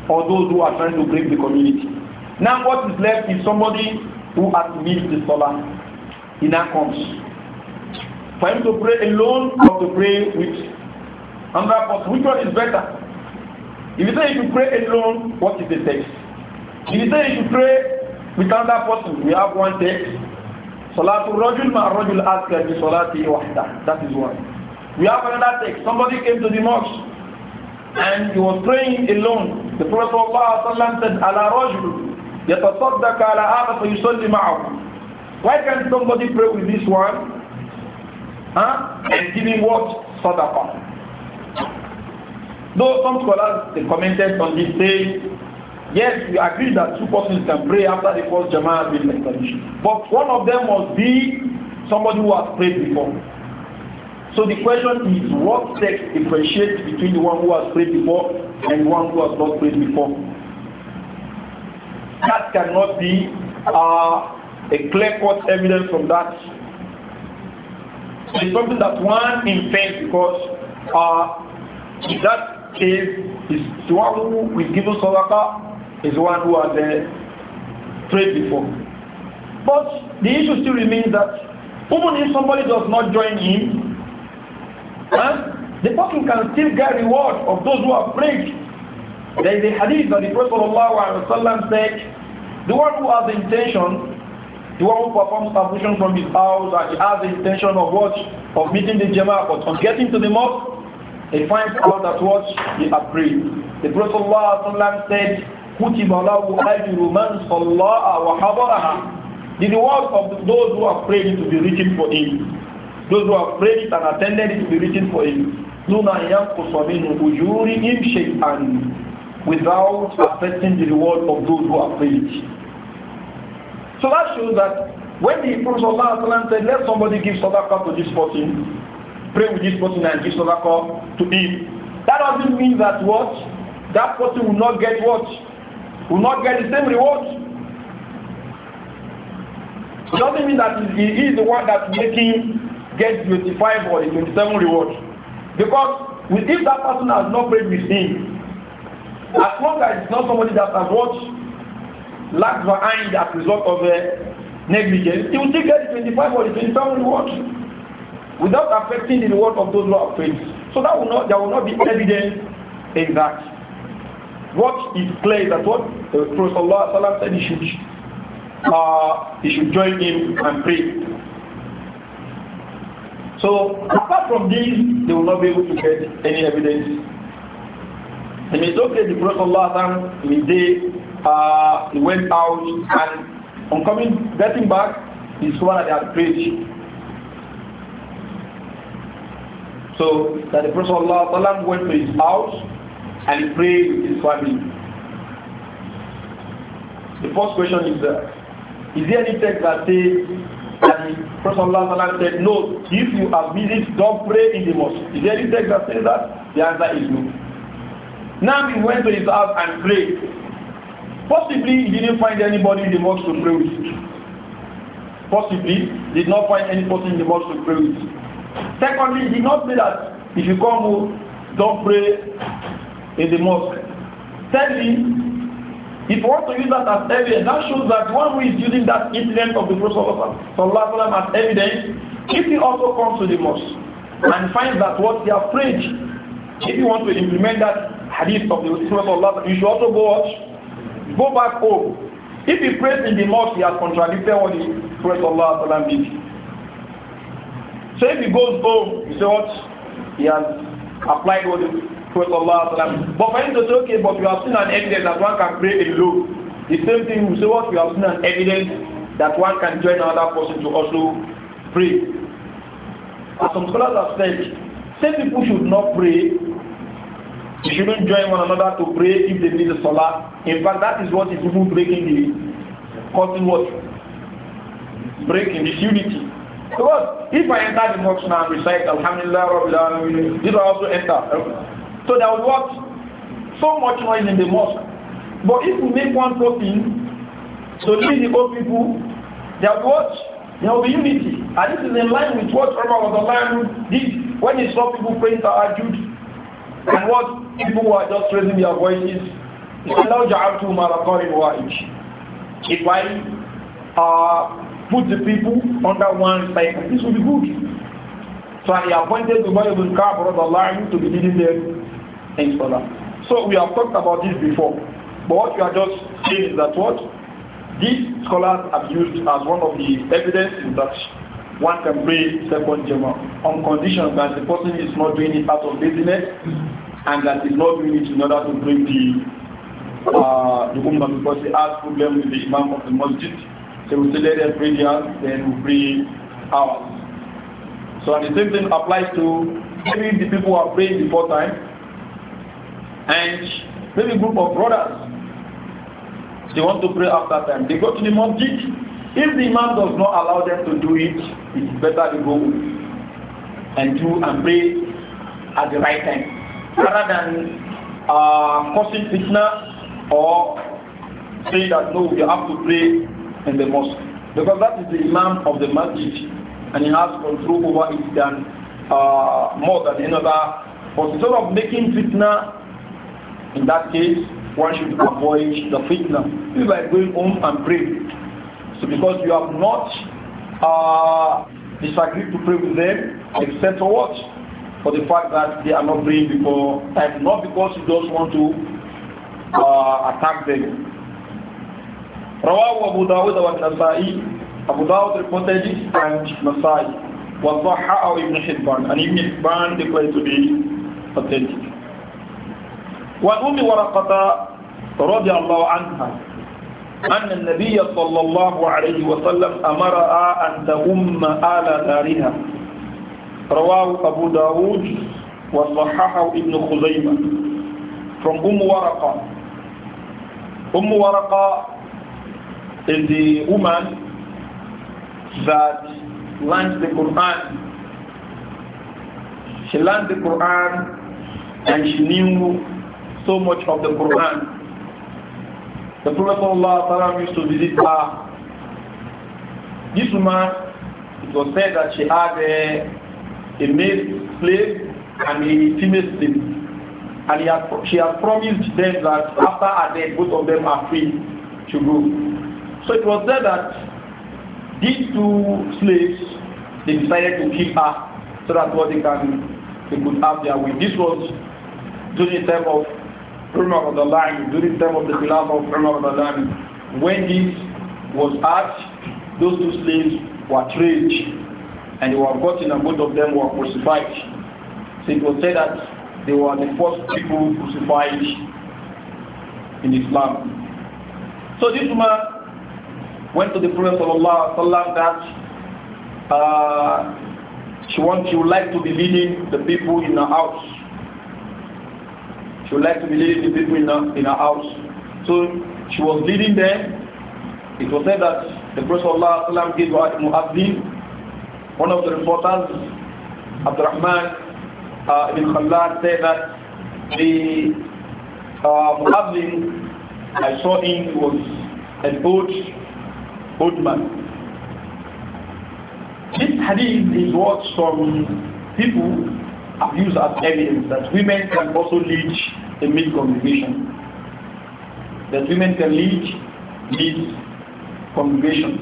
or those who are trying to break the community. Now what is left is somebody who has missed the salah. He now comes. For him to pray alone or to pray with another person, which one is better? If you say you pray alone, what is the text? If you say you pray with another person, we have one text. Salatul Rajul Ma Rajul Askar bi Salati Wahda. That is one. We have another text. Somebody came to the mosque and he was praying alone. The Prophet said, Ala Rajul يتصدق على هذا فيصلي معه why can not somebody pray with this one huh? and give him what sadaqah though some scholars they commented on this saying Yes, we agree that two persons can pray after the first Jama'ah been established, But one of them must be somebody who has prayed before. So the question is, what text differentiates between the one who has prayed before and the one who has not prayed before? That cannot be uh, a clear-cut evidence from that. It's something that one invents because uh, in that case, is the one who is given sadaqah is the one who has uh, prayed before. But the issue still remains that even if somebody does not join in, huh, the person can still get reward of those who have prayed there is a hadith that the Prophet was said, the one who has the intention, the one who performs ablution from his house, and he has the intention of what? Of meeting the Jama'ah, but on getting to the mosque, he finds out that what? He has prayed. The Prophet ﷺ said, كُتِبَ لَهُ أَجْرُ مَنْ صَلَّاءَ وَحَضَرَهَا the words of those who have prayed to be written for him. Those who have prayed and attended to be written for him without affecting the reward of those who are paid. So that shows that when the Prophet ﷺ said, let somebody give sadaqah to this person, pray with this person and give sadaqah to him, that doesn't mean that what? That person will not get what? Will not get the same reward. It doesn't mean that he is the one that making get 25 or 27 reward. Because if that person has not prayed with him, as long as it's not somebody that has what lags behind as a result of a uh, negligence, he will still get the 25 or the 27 reward without affecting the reward of those who are faith. So that will not, there will not be evidence in that. What is clear that what the uh, Prophet Allah said he should, uh, he should join him and pray. So apart from this, they will not be able to get any evidence the okay. the Prophet Allah, in day, uh, he went out and on coming, getting back, he saw that they had prayed. So that the Prophet Allah went to his house and he prayed with his family. The first question is, uh, is there any text that says that the Prophet Allah said, no, if you are busy, don't pray in the mosque. Is there any text that says that? The answer is no. Now he went to his house and prayed. Possibly he didn't find anybody in the mosque to pray with. Possibly he did not find any person in the mosque to pray with. Secondly, he did not say that if you come home, oh, don't pray in the mosque. Thirdly, if you want to use that as evidence, that shows that one who is using that incident of the Prophet as evidence, if he also comes to the mosque and finds that what they has prayed, if you want to implement that hadith of the Prophet of Allah, you should also go watch, go back home. If he prays in the mosque, he has contradicted what the Prophet of Allah did. So if he goes home, you say what? He has applied what the Prophet of Allah But for him to say, okay, but we have seen an evidence that one can pray alone. The same thing, we say what? We have seen an evidence that one can join another person to also pray. As some scholars have said, some people should not pray you shouldn't join one another to pray if they need the salah. In fact, that is what is even breaking the causing what? Breaking this unity. Because if I enter the mosque now and recite Alhamdulillah Rabbil Alameen, this will also enter. So there was what? So much noise in the mosque. But if we make one person so these the old people, there will what? There will be unity. And this is in line with what Umar was aligned did when he saw people praying to our Jude. And what people who are just raising their voices, if I uh, put the people under one cycle, this will be good. So he appointed Ubay ibn Ka'b to be leading them in Salah. So we have talked about this before. But what you are just saying is that what these scholars have used as one of the evidence in that one can pray second Jama on condition that the person is not doing it out of business and that is not doing it in order to bring the uh, the Ummah because they have problem with the Imam of the Masjid. So we say let them pray theirs, then we pray ours. So the same thing applies to maybe the people who are praying before time and maybe group of brothers they want to pray after time. They go to the masjid. If the imam does not allow them to do it, it is better to go and do and pray at the right time rather than uh, causing fitna or saying that no, we have to pray in the mosque. Because that is the imam of the masjid and he has control over it than uh, more than another. But instead of making fitna, in that case, one should avoid the fitna. by going home and pray. So because you have not uh, disagree to pray with them except for what? For the fact that they are not praying before time, not because he does want to uh, attack them. رواه أبو داود والنسائي أبو داود reported this and Nasai وضحى ابن حبان and ابن حبان declared to be authentic وأم ورقة رضي الله عنها أن النبي صلى الله عليه وسلم أمر أن تؤم آل دارها رواه أبو داود وصححه ابن خزيمة from أم ورقة أم ورقة is the woman that learned the Quran she learned the Quran and she knew so much of the Quran The Prophet used to visit her. This woman, it was said that she had a, a male slave and a female slave. And he had, she had promised them that after her death, both of them are free to go. So it was said that these two slaves, they decided to keep her so that what they can they could have their way. This was during the time of Umar during the time of the Khilafah of Umar when this was asked, those two slaves were trained and they were gotten and both of them were crucified. So it was said that they were the first people crucified in Islam. So this woman went to the Prophet Sallallahu that uh, she wants, she would like to be leading the people in her house. She would like to be leading the people in her, in her house. So she was leading them. It was said that the Prophet ﷺ gave her Muhaddin. One of the reporters, Abdurrahman uh, ibn Khalad, said that the uh, Muhaddin I saw him was an old, old man. This hadith is what some people have used as evidence that women can also lead a mid congregation. That women can lead mid congregation,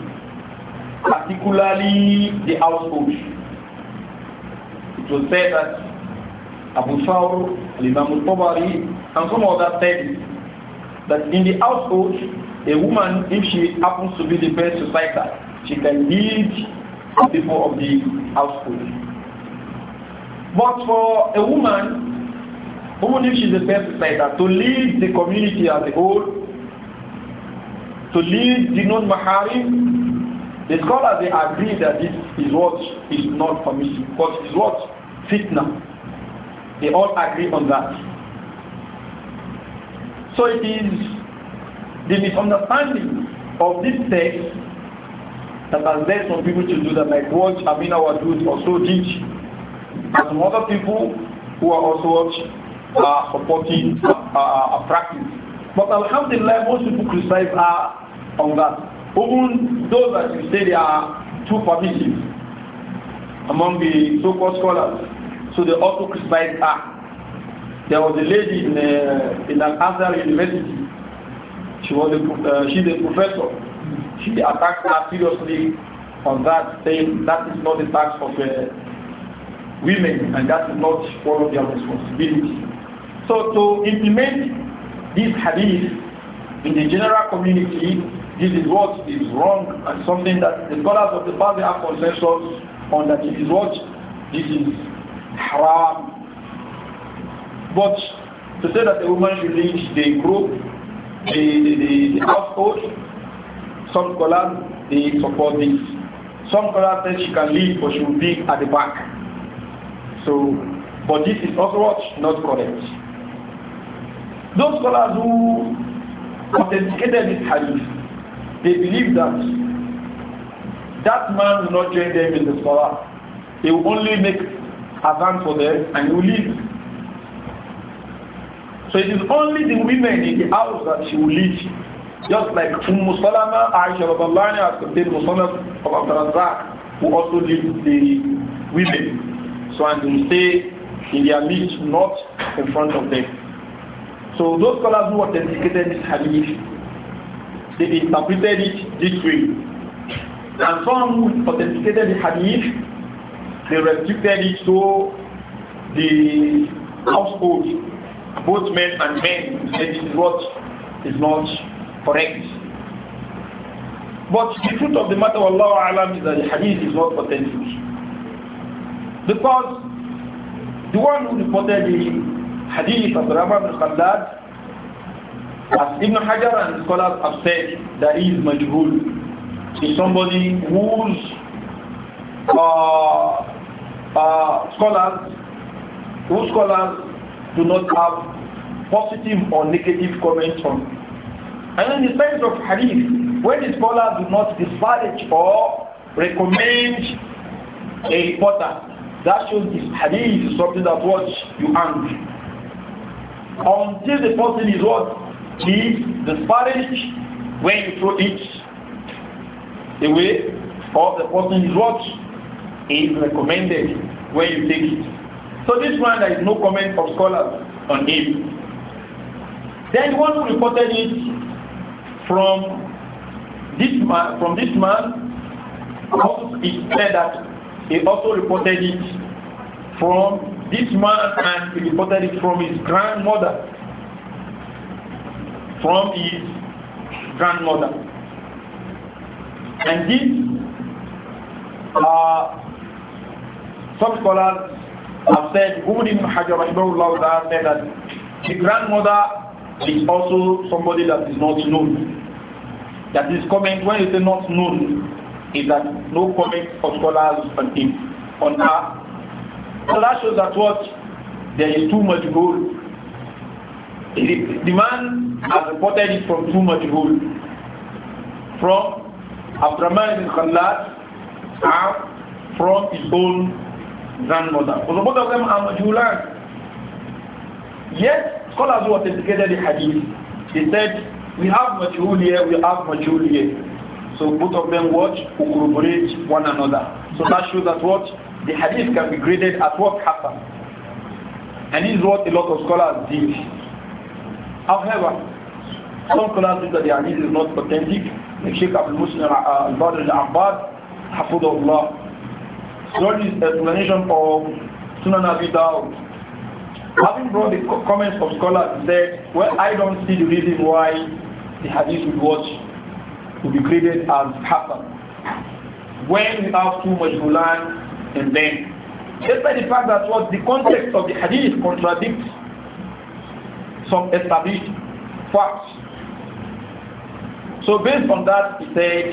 particularly the household. It was said that Abu Saur, Imam al and some other said that in the household, a woman, if she happens to be the best societal, she can lead the people of the household. But for a woman, even if she's a pesticide, to lead the community as a whole, to lead the non-maharim, the scholars they agree that this is what is not permissible, but is what fitna. They all agree on that. So it is the misunderstanding of this text that has led some people to do that, like what Amina Wadud also teach. But some other people who are also uh, supporting a practice. But Alhamdulillah, most people criticize are on that. Even those that you say they are too permissive among the so-called scholars, so they also criticize her. There was a lady in, uh, in an Azhar university. She was a, uh, she's a professor. She attacked her seriously on that, saying that is not the task of a uh, women, and that is not one of their responsibility. So to implement this hadith in the general community, this is what is wrong and something that the scholars of the past have consensus on that it is what this is haram. But to say that the woman should lead the group, the, the, the household, some scholars they support this. Some scholars say she can lead but she will be at the back. So, but this is not what? Not correct. Those scholars who authenticated this hadith, they believe that that man will not join them in the scholar. He will only make advance for them and he will leave. So it is only the women in the house that she will leave. Just like Umm Salama, Aisha Rabbani, as the Muslim of Abdul who also leave the women. So and they will stay in their midst, not in front of them. So those scholars who authenticated this hadith, they interpreted it this way. And some who authenticated the hadith, they restricted it to the household, both men and men. This is what is not correct. But the truth of the matter, Allah is that the hadith is not authentic. Because the one who reported the hadith of Rahman al Khaddad, as Ibn Hajar and his scholars have said, that he is majhul, is somebody whose uh, uh, scholars, whose scholars do not have positive or negative comments on. And in the sense of hadith, when the scholars do not disparage or recommend a reporter, that shows this hadith is something that what you hang. Until the person is what what? Is disparaged when you throw it away, or the person is what? Is recommended when you take it. So this one there is no comment of scholars on it. Then one who reported it from this man from this man also it said that he also reported it from this man and he reported it from his grandmother. From his grandmother. And this, uh, some scholars have said, Ibn Hajar said that the grandmother is also somebody that is not known. That is comment when you say not known, is that no comment of scholars on him, on her. So that shows that what there is too much gold. The man has reported it from too much gold. From Abdurrahman ibn Khalad and ah, from his own grandmother. Because both of them are Majulan. Yet, scholars who authenticated the hadith, they said, we have Majul here, we have Majul here. So both of them watch, who corroborate one another. So that shows that what the hadith can be graded as what happened. And this is what a lot of scholars did. However, some scholars think that the hadith is not authentic. Like Sheikh Abdul Muslim al-Badr uh, al-Abbad, Hafudullah. So this explanation of Sunan Abi Dawud. Having brought the comments of scholars, said, well, I don't see the reason why the hadith would watch to be graded as Hassan. When we have too much land and then, despite the fact that what the context of the hadith contradicts some established facts. So based on that, he said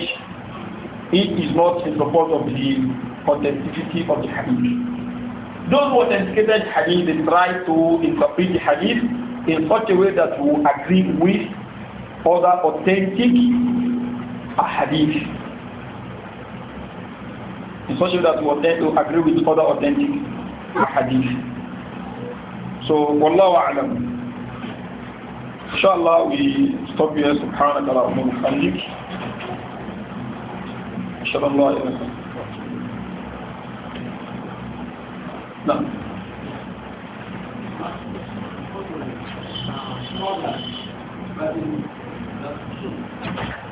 it is not in support of the authenticity of the hadith. Those who authenticated hadith, they try to interpret the hadith in such a way that will agree with other authentic a hadith in such a way that we agree with other authentic hadith. So, wallahu a'lam. Inshallah, we stop here. Subhanaka Allahumma wa bihamdik. Ashhadu an la No. Thank you.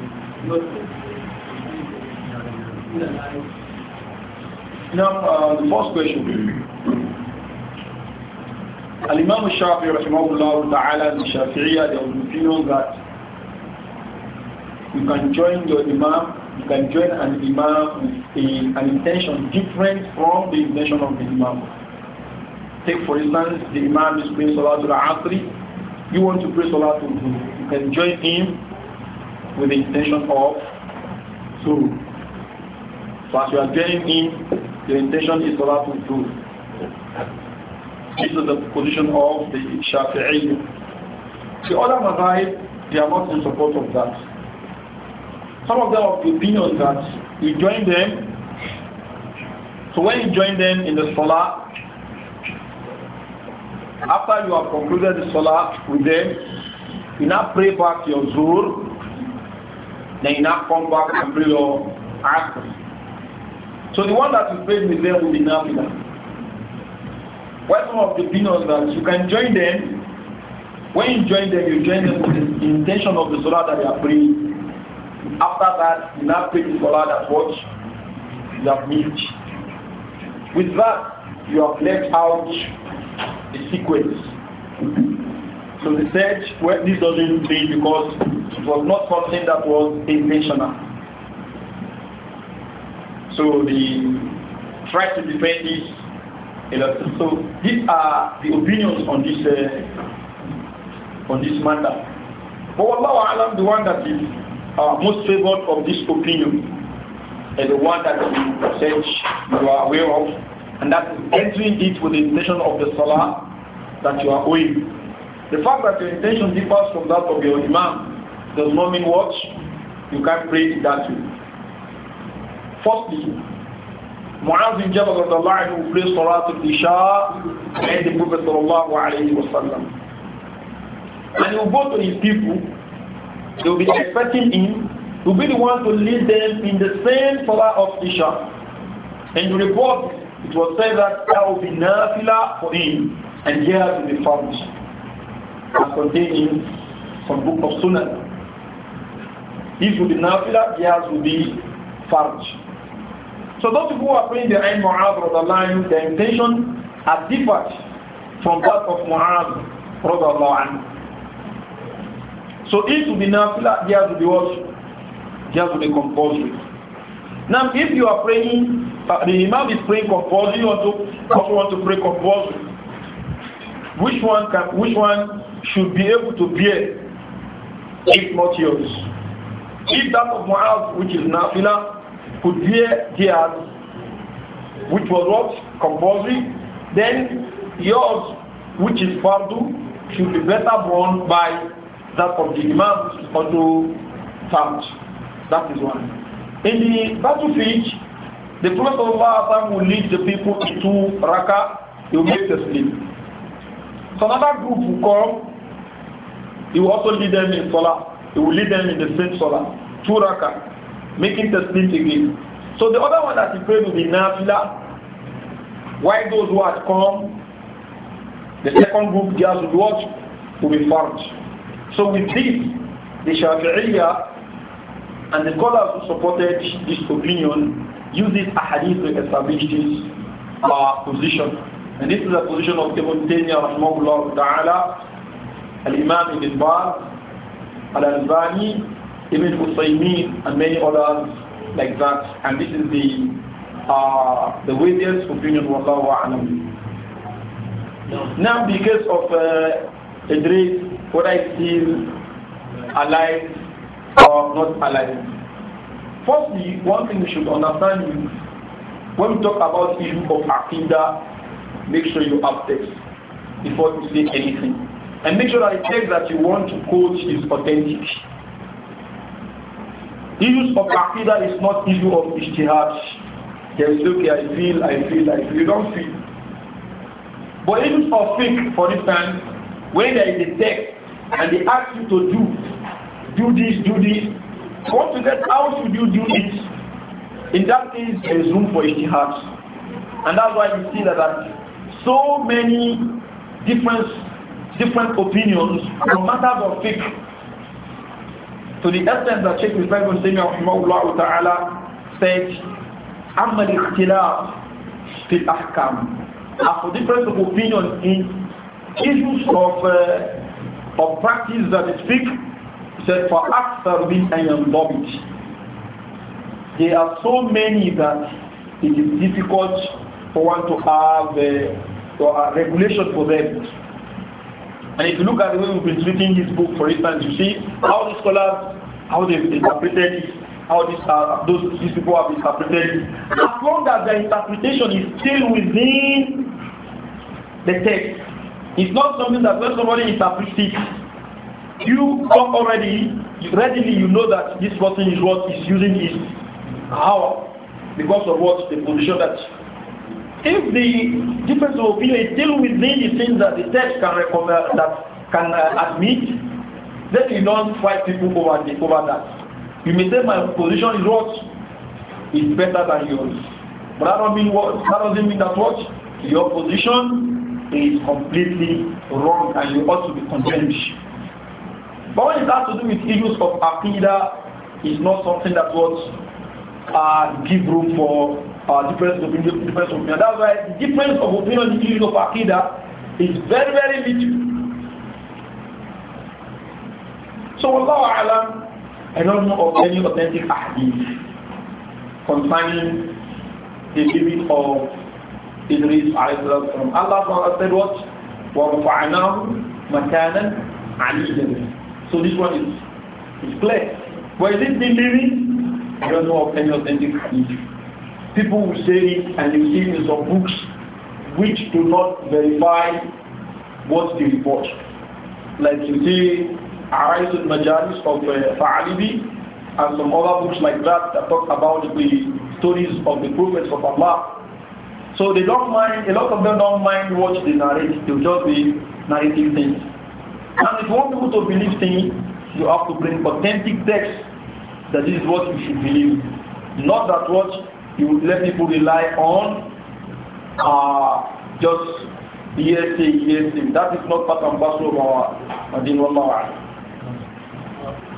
Now, uh, the first question. Al-Imam al-Shafi rahimahullah ta'ala al-Shafi'iyya, they will feel that you can join your Imam, you can join an Imam with a, an intention different from the intention of the Imam. Take for instance, the Imam is praying Salatul Asri, you want to pray Salatul Dhuhr, you can join him with the intention of to, So as you are getting in, your intention is salat to suru. This is the position of the Shafi'i. The other Mazahib, they are not in support of that. Some of them have the opinion that you join them, so when you join them in the Salah, after you have concluded the Salah with them, you now pray back your Zuhr then you now come back and pray your oh, Asr. So the one that you pray with them will be Nafila. Why some of the opinions that you can join them, when you join them, you join them with the intention of the Salah that you are praying. After that, you now pray the Salah that what you have missed. With that, you have left out the sequence. So they said, well, this doesn't mean because it was not something that was intentional. So they tried to defend this. So these are the opinions on this uh, on this matter. But Allah Alam, the one that is uh, most favored of this opinion is the one that you said you are aware of, and that is entering it with the intention of the salah that you are owing. The fact that your intention differs from that of your imam does not mean what? You can't pray in that way. Firstly, Mu'adh bin Jabal who prays Salat al-Isha and the Prophet sallallahu alayhi wa sallam. And he will go to his people, they will be expecting him, he will be the one to lead them in the same Salah of Isha. And the report, it was said that there will be nafila for him and here to be found are containing some book of Sunnah. These will be Nafila, theirs will be Farj. So those who are praying the Ain Mu'adh radiallahu anhu, their intention are different from that of Mu'adh radiallahu anhu. So it will be Nafila, theirs will be what? Theirs will be compulsory. Now if you are praying, uh, the Imam is praying compulsory, you want to, also want to pray compulsory. Which one can, which one should be able to bear, if not yours. If that of Mu'adh, which is Nafila, could bear theirs, which was not compulsory, then yours, which is Fardu, should be better borne by that of the Imam, which is Fardu That is one. In the battlefield, the Prophet of Allah will lead the people into Raqqa, he will make the sleep. So another group will come he will also lead them in Salah. He will lead them in the same Salah. Two Raka, making the split again. So the other one that he prayed will be Nafila. Why those who had come, the second group, theirs would watch, will be Farj. So with this, the Shafi'iyah and the scholars who supported this opinion use this hadith to establish this uh, position. And this is the position of Ibn Taymiyyah rahmahullah ta'ala Al-Imam Ibn Baz, Al-Albani, Ibn and many others like that. And this is the uh, the weightiest opinion, Wallahu Now, because of uh, Idris, what I feel alive or not alive. Firstly, one thing you should understand is when we talk about issue of Aqidah, make sure you have text before you say anything. And make sure that the text that you want to quote is authentic. Issue of akida is not issue of ijtihad. There is okay, I feel, I feel, I feel. You don't feel. But issues of fiqh, for instance, when there is a text and they ask you to do, do this, do this, you want to get how should you do it? In that case, there is room for ijtihad. And that's why you see that, that so many different different opinions on matters of faith. to the extent that Sheikh Ismail bin Taymiyyah ta'ala said "Amal الاختلاف في الأحكام after different opinions in issues of uh, of practice that is fiqh said for أكثر من أن it. there are so many that it is difficult for one to have uh, a regulation for them and if you look at the way we've been treating this book, for instance, you see how the scholars, how they've interpreted it, how these, uh, those, these people have interpreted it. As long as their interpretation is still within the text, it's not something that when somebody interprets it, you already, readily you know that this person is what is using is how because of what the position that if the difference of opinion is still within the things that the text can recommend, that can uh, admit, then you don't fight people over, the, over that. You may say my position is what is better than yours, but that, don't mean what, that doesn't mean that what your position is completely wrong and you ought to be condemned. But when it has to do with issues of appeal, is not something that what uh, give room for uh, difference of opinion, difference of opinion. That's why the difference of opinion in the issue of Aqidah is very, very little. So Allah Alam, I don't know of any authentic hadith concerning the living of Idris from Allah said what? وَرُفَعْنَاهُ مَكَانًا عَلِيًّا So this one is, is clear. Where is it the living? I don't know of any authentic hadith people will say it and you see it in some books which do not verify what they report. Like you see Arais al-Majalis of uh, Fa'alibi and some other books like that that talk about the stories of the prophets of Allah. So they don't mind, a lot of them don't mind what they narrate, they'll just be narrating things. And if you want people to believe things, you have to bring authentic texts that this is what you should believe. Not that what you would let people rely on uh, just hearsay, hearsay. That is not part and parcel of our Madin Wallah.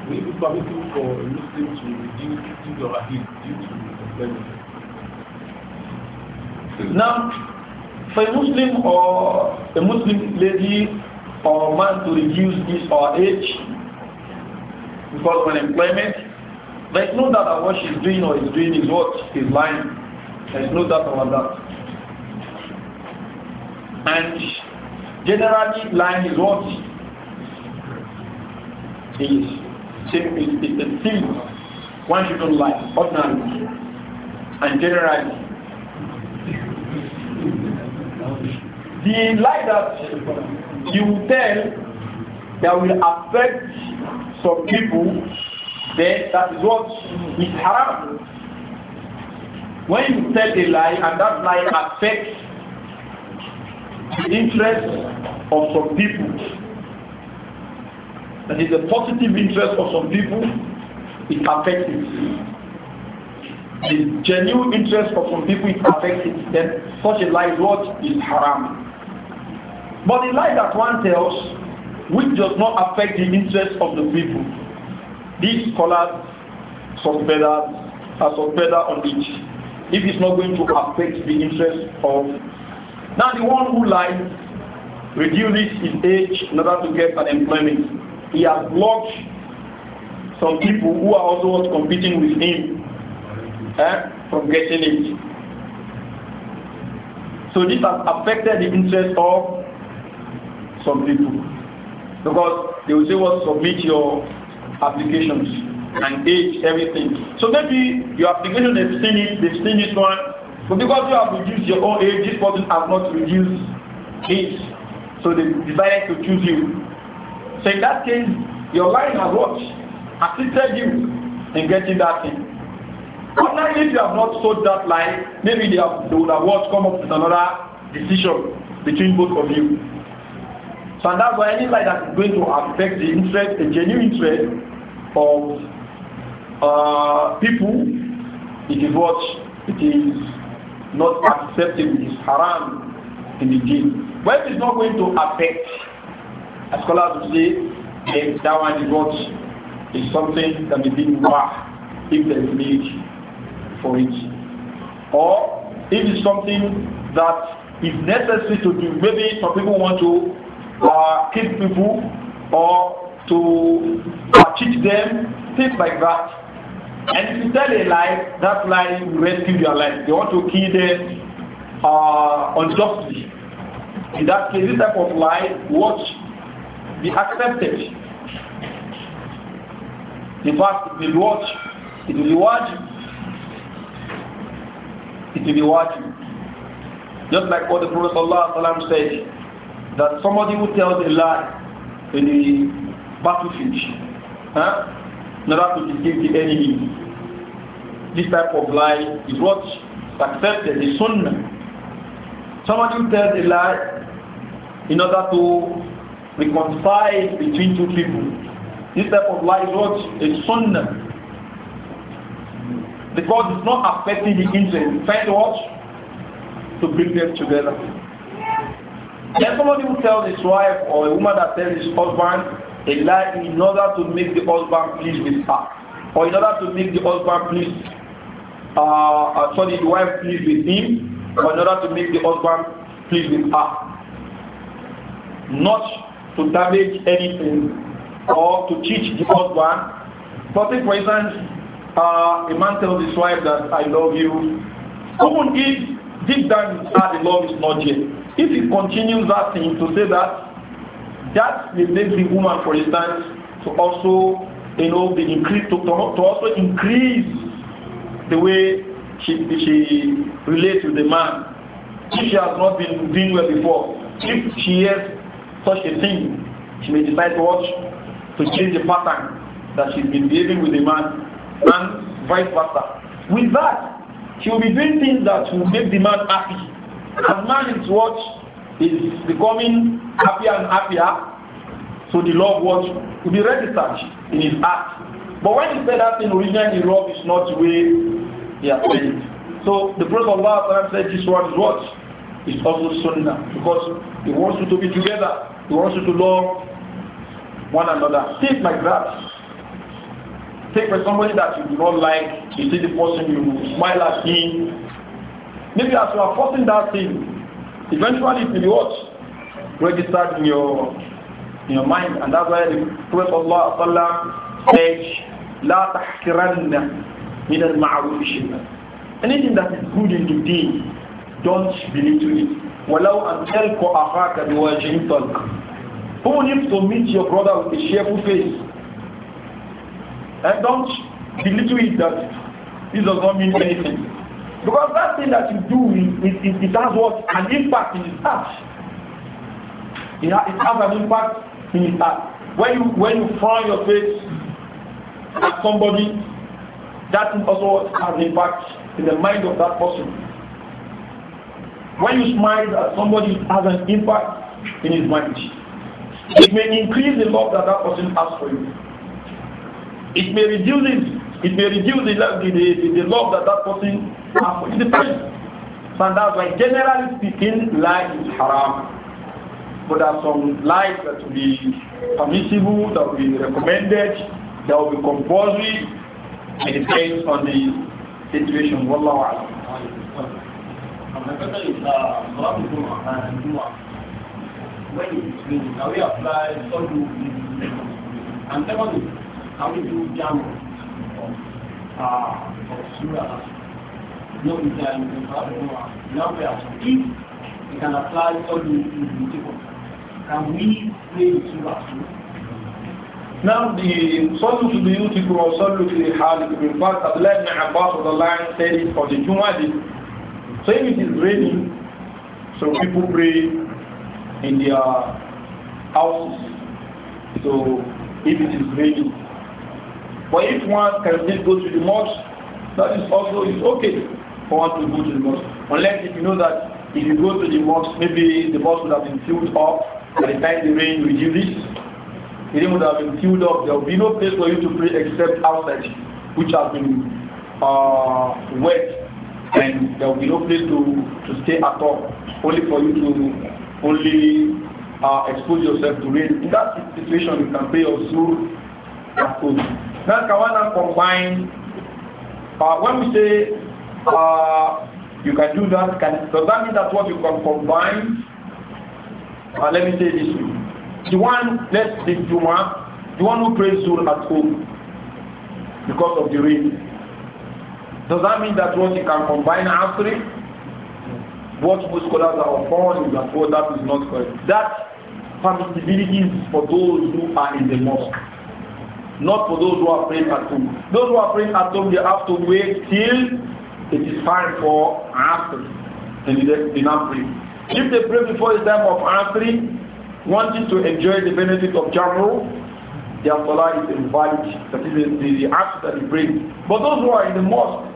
Will it be permissible for a Muslim to reduce his or due to employment? Now, for a Muslim or a Muslim lady or man to reduce his or her age because of unemployment. There's no doubt that what she's doing or is doing is what is lying. There's no doubt about that. And generally, lying is what is same is a thing. One shouldn't lie, ordinarily, and generally. The lie that you tell that will affect some people then that is what is haram. When you tell a lie and that lie affects the interest of some people, that is a positive interest of some people, it affects it. The genuine interest of some people, it affects it. Then such a lie is what is haram. But the lie that one tells, which does not affect the interest of the people, these scholars some better, are some better on it if it's not going to affect the interest of. Now, the one who lies reduces his age in order to get an employment. He has blocked some people who are also competing with him eh, from getting it. So this has affected the interest of some people because they will say, "Well, submit your applications and age, everything. So maybe your application they've seen it, they've seen this one, but because you have reduced your own age, this person has not reduced age. So they decided to choose you. So in that case, your line has what? Assisted you in getting that thing. now, if you have not sold that line, maybe they, have, they would have come up with another decision between both of you. So and that's why any lie that is going to affect the interest, the genuine interest of uh, people, it is what it is not acceptable, it's haram in the deen. When it is not going to affect, as scholars would say, then that one is what is something that is being mubah if there is need for it. Or if it's something that is necessary to do, maybe some people want to or kill people or to teach cheat them, things like that. And if you tell a lie, that lie will rescue your life. They want to kill them uh, unjustly. In that case, this type of lie will be accepted. In fact, it will watch, it will watched. it will watched. Just like what the Prophet ﷺ said, that somebody who tells a lie in the battlefield huh, in order to defeat the enemy, this type of lie is what is accepted, the sunnah. Somebody who tells a lie in order to reconcile between two people, this type of lie is what is sunnah. Because it's not affecting the intent. Find what? To bring them together. Then somebody who tells his wife or a woman that tells his husband a lie in order to make the husband pleased with her, or in order to make the husband pleased, uh, uh, sorry, the wife pleased with him, or in order to make the husband pleased with her. Not to damage anything or to cheat the husband. But for instance, uh, a man tells his wife that I love you, even if deep down inside the love is not yet. If he continues that thing to say that, that will make the woman, for instance, to also, you know, be increased to, to, to also increase the way she, she relates with the man. If she has not been doing well before, if she hears such a thing, she may decide to watch to change the pattern that she's been behaving with the man and vice versa. With that, he will be doing things that will make the man happy. As man is what is becoming happier and happier, so the love what will be registered in his heart. But when he said that in original the love is not the way he has said it. So the Prophet of Allah said this word is what? It's also sunnah because he wants you to be together. He wants you to love one another. Take like that. Take for somebody that you do not like, you see the person, you smile at him. Maybe as you are forcing that thing, eventually it will be what? Registered in your in your mind. And that's why the Prophet Allah said, لا تحقرن من المعروف Anything that is good in the deed, don't belittle it. Walau أن تلقى أخاك بوجه طلق. Even if to meet your brother with a cheerful face, and don't belittle it that this does not mean anything. Because that thing that you do, it, it, it has what? An impact in his heart. It, ha it has an impact in his heart. When you, when you frown your face at somebody, that also has an impact in the mind of that person. When you smile at somebody, it has an impact in his mind. It may increase the love that that person has for you. It may reduce it. It may reduce the, the, the, the love that that person has for the person. And that's why, generally speaking, life is haram. But there are some lies that will be permissible, that will be recommended, that will be compulsory. It depends on the situation. Wallahu alam. When it's raining, now we apply salt and secondly, how do you jump of, uh, ah, of surah? No, we can numbers. If we can apply all the principles, can we play the surah too? Now the Sallu to the Yutiku or Sallu to the Halik will pass at Ibn Abbas of the line said it for the Jumadi. So if it is raining, so people pray in their houses. So if it is raining, but if one can still go to the mosque, that is also is okay for one to go to the mosque. Unless if you know that if you go to the mosque, maybe the mosque would have been filled up by the time the rain reduces. It would have been filled up. There will be no place for you to pray except outside, which has been uh, wet, and there will be no place to, to stay at all. Only for you to only uh, expose yourself to rain. In that situation, you can pray your at home. Now, can combine? Uh, when we say uh, you can do that, can, does that mean that what you can combine? Uh, let me say this: the one let the Juma, the one who prays soon at home because of the rain. Does that mean that what you can combine after it? What most scholars are upon is that oh, that is not correct. That permissibility is for those who are in the mosque. Not for those who are praying at home. Those who are praying at home, they have to wait till it is time for answering, And they not pray. If they pray before the time of answering, wanting to enjoy the benefit of Jamru, their salah is invalid. That is the, the act that they pray. But those who are in the mosque,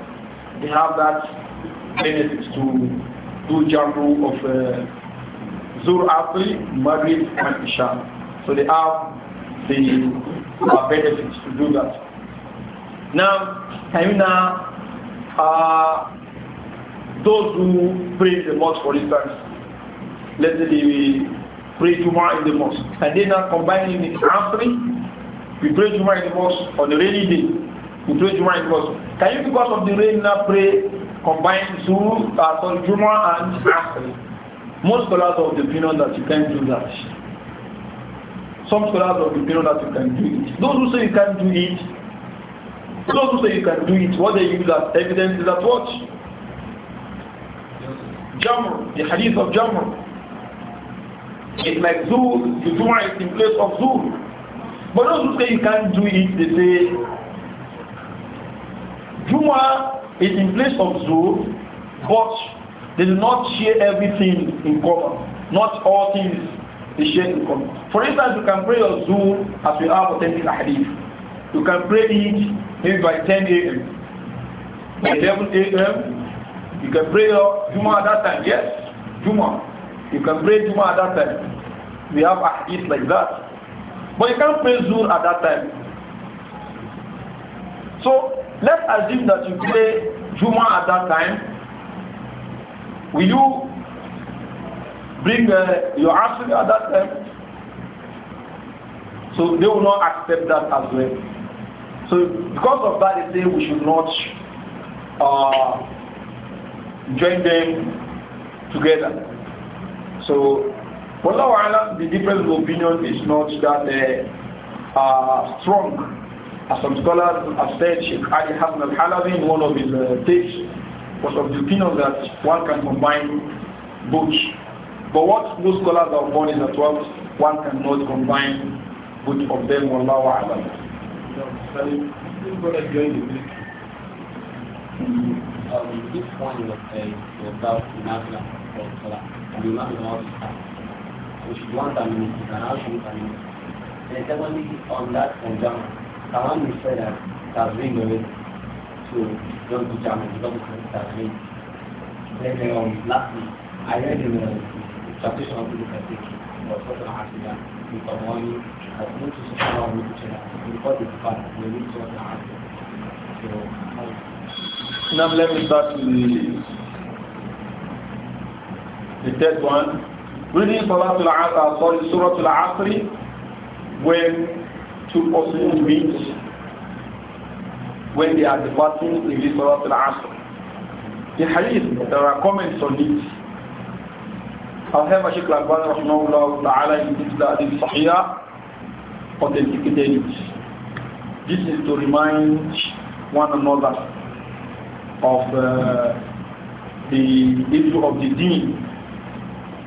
they have that benefit to do Jamru of uh, Zur Afri, Maghrib, and Isha. So they have the uh, benefits to do that. Now, can you now, uh, those who pray the most, for instance, let's say they pray Juma in the mosque, and then now combining it after we pray Juma in the mosque on the rainy day, we pray Juma in the mosque. Can you, because of the rain, now pray combine Zuhr, uh, sorry, Juma and Asr? Most scholars of the opinion that you can do that. Some scholars of the opinion that you can do it. Those who say you can't do it, those who say you can do it, what they use as evidence is that what? Jamr, the hadith of Jamr. It's like Zul, the Jum'ah is in place of Zul. But those who say you can't do it, they say Jum'ah is in place of Zul, but they do not share everything in common. Not all things the shaykh will come. For instance, you can pray your Zuhr as we have authentic hadith. You can pray it maybe by 10 a.m. By 11 a.m. You can pray your Juma at that time. Yes, Juma. You can pray Juma at that time. We have hadith like that. But you can't pray Zuhr at that time. So let's assume that you pray Juma at that time. Will you bring uh, your answer at that time. So they will not accept that as well. So because of that, they say we should not uh, join them together. So Wallahu the difference of opinion is not that uh, uh, strong. As some scholars have said, Sheikh Ali Hassan al-Halabi, one of his uh, takes, was of the opinion that one can combine both. But what most scholars are upon is that what one cannot combine both of them. Wallahu a'lam. Um, this one was uh, about Nagla or Salah. And the Imam is not So she wants a minute, and now she wants a minute. And secondly, on that example, someone will say that Tazrin already. to don't do jamming, don't do Tazrin. Then um, lastly, I read in the now let me start with the third one. Reading Asr, uh, sorry, Surah Al-Asr when two persons meet when they are departing in this Surah Al-Asr. The hadith, there are comments on it. أهم شكل أكبر رحمه الله تعالى يتفل هذه الصحية قتل تكتيني This is to remind one another of uh, the issue of the deen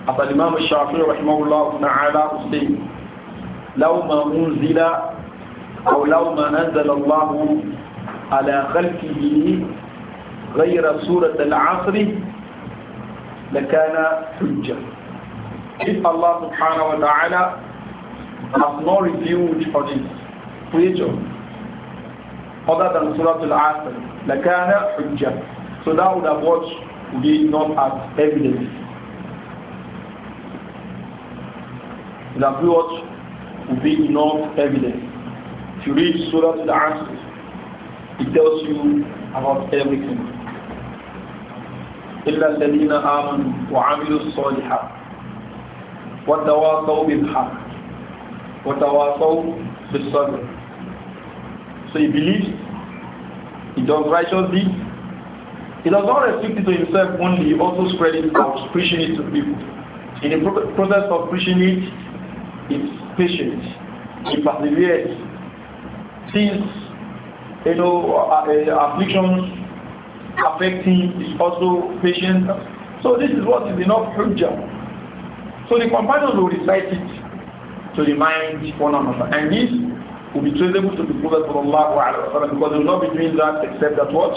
أتى الإمام الشافعي رحمه الله تعالى حسين لو ما أنزل أو لو ما أنزل الله على خلقه غير سورة العصر لَكَانَ حُجَّةً If Allah subhanahu wa ta'ala has no refuge for his creature other than Surah Al-Asr, لَكَانَ حُجَّةً So that would have what be not as evidence. That what would be enough evidence. If you read Surah Al-Asr, it tells you about everything. إلا الذين آمنوا وعملوا الصالحات وتواصوا بالحق وتواصوا بالصبر So he believes, he does righteous deeds. He does not restrict it to himself only, he also spread it out, preaching it to people. In the process of preaching it, he's patient, he perseveres, sees, you know, uh, uh, afflictions affecting also patients, So this is what is enough hujjah. So the companions will recite it to remind one another. And this will be traceable to the Prophet because they will not be doing that except that what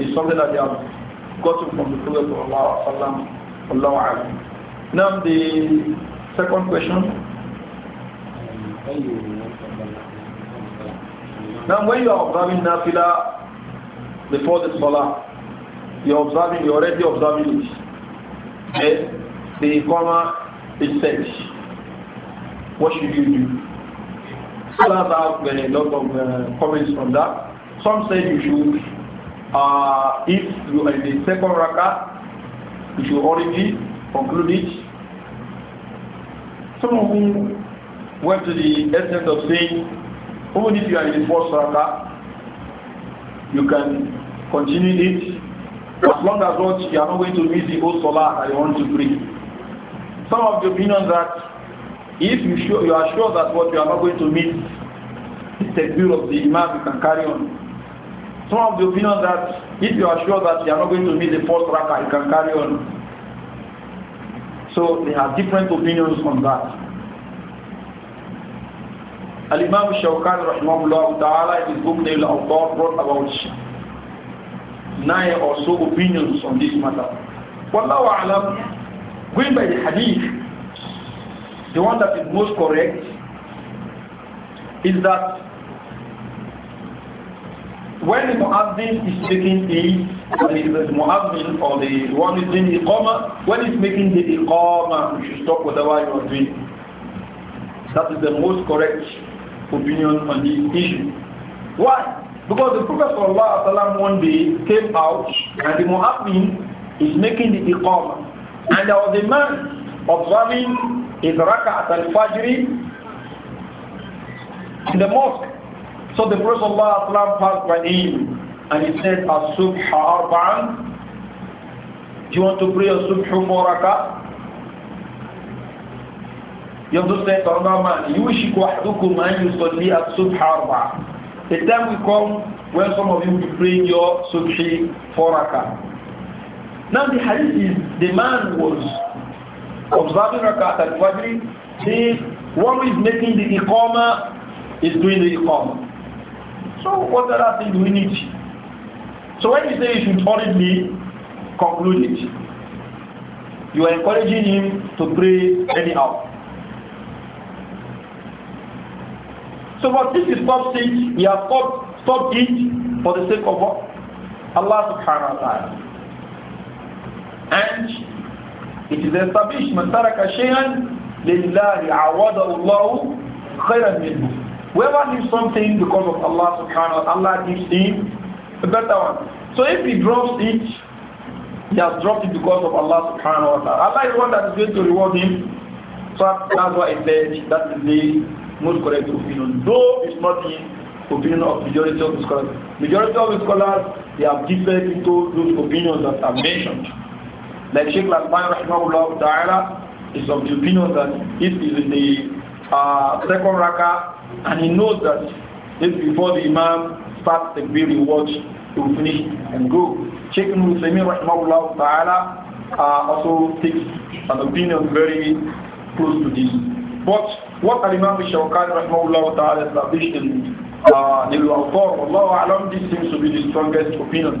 is something that they have gotten from the Prophet Now the second question. Now when you are observing Nafila, before the salah. You're observing, you're already observing it. The comma is set. What should you do? Scholars have a lot of uh, comments on that. Some say you should, uh, if you are in the second rakah, you should already conclude it. Some of whom went to the extent of saying, even if you are in the first rakah, you can continue it as long as what you are not going to miss the whole solar that you want to pray. Some of the opinions that if you, sure, you are sure that what you are not going to miss the view of the imam, you can carry on. Some of the opinions that if you are sure that you are not going to miss the first rakah, you can carry on. So they have different opinions on that. Al-Imam Shawkan, rahimahullah ta'ala, in his book Nail al brought about nine or so opinions on this matter. Wallahu alam, going by the hadith, the one that is most correct is that when the muazzin is making the, the muazzin or the one is doing iqama, when he's making the iqama, you should stop whatever you are doing. That is the most correct opinion on this issue. Why? Because the Prophet ﷺ one day came out and the Muhammad is making the iqamah. And there was a man observing his raka'at al-fajr in the mosque. So the Prophet ﷺ passed by him and he said, as subha arba'an. Do you want to pray as-subh for raka'at? You understand, another man, يوشك وحدكم أن يصلي subha arbaan." The time will come when some of you will bring your for raka. Now the hadith is the man was observing Rakat al Fajr, he, one who is making the Iqama is doing the Iqama. So what other thing do we need? So when you say you should hurriedly conclude it, you are encouraging him to pray anyhow. So what this is stopped it, he has stopped, stopped it for the sake of what? Allah subhanahu wa ta'ala. And it is established, من ترك شيئا لله عوضه الله خيرا منه. Whoever leaves something because of Allah subhanahu wa ta'ala, Allah gives him a better one. So if he drops it, he has dropped it because of Allah subhanahu wa ta'ala. Allah is one that is going to reward him. So that's why it said that is the most correct opinion, though it's not the opinion of majority of the scholars. Majority of the scholars, they have differed into those opinions that I've mentioned. Like Sheikh Lasman Rahimahullah Ta'ala is of the opinion that it is in the uh, second raka and he knows that if before the Imam starts the really watch, he will finish and go. Sheikh Muslimin Rahimahullah Ta'ala uh, also takes an opinion very close to this. But what Imam Shawkani rahmahullah ta'ala established in uh, Nil Awtar, Allah Alam, this seems to be the strongest opinion.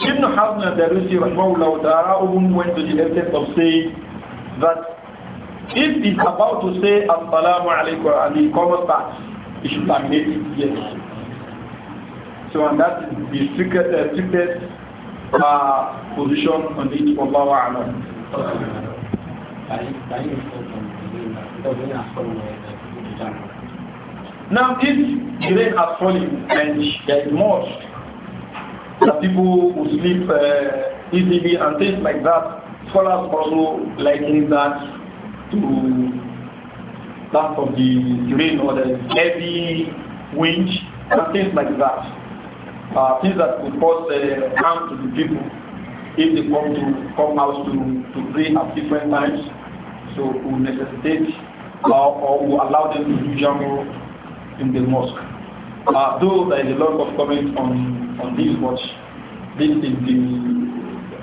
Ibn Hazm al-Darusi rahmahullah ta'ala even went to the extent of saying that if he's about to say Assalamu alaikum and the comma starts, he should terminate it, yes. So and that is the strictest, uh, strictest uh, position on it, Allah Alam. Now, if the rain has fallen and there is much. that people who sleep uh, easily and things like that, scholars also liken that to that of the rain or the heavy wind and things like that. Uh, things that could cause uh, harm to the people if they come to come out to, to pray at different times. So it necessitate or, or who allow them to do jamu in the mosque. Uh, though there is a lot of comment on, on this, but this is the,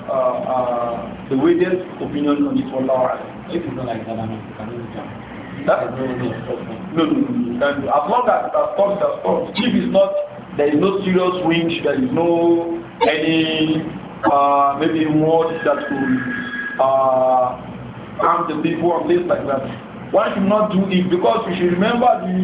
uh, uh, the weighted opinion on it. Allah. If it's not like that, I mean, that, no, no, no. no. As long as it has stopped, it has stopped. If it's not, there is no serious winch, there is no any uh, maybe word that will uh, harm the people and things like that. Why should not do this? because you should remember the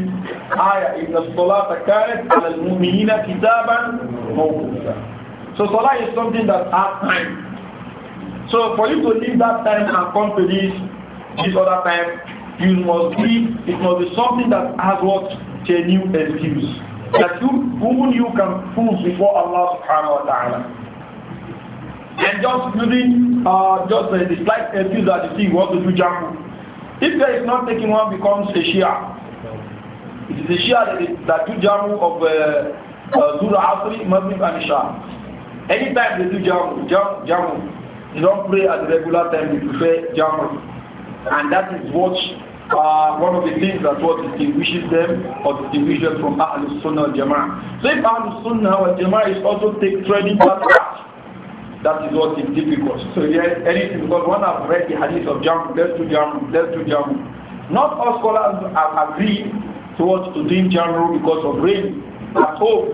ayah in the Salah Takaret al Muminina Kitaban Mawkuta. So Salah is something that has time. So for you to leave that time and come to this this other time, you must be it must be something that has what a new excuse. That you whom you can prove before Allah subhanahu wa ta'ala and just using uh, just uh, the slight excuse that you see what want to do jamu. If there is not taking one becomes a Shia. It is a Shia that do Jamu of Zura uh, uh Asri, Maghrib and Isha. Anytime they do Jamu, Jamu, Jamu, they don't pray at the regular time, they prefer Jamu. And that is what uh, one of the things that what distinguishes them or distinguishes from Ahlul Sunnah al Jama'ah. So if Ahlul Sunnah al Jama'ah is also take trading that that is what is difficult. So yes, anything because one have read the hadith of Jam, let's do Jam, let's do Jam. Not all scholars have agreed towards to doing Jamru because of rain at home.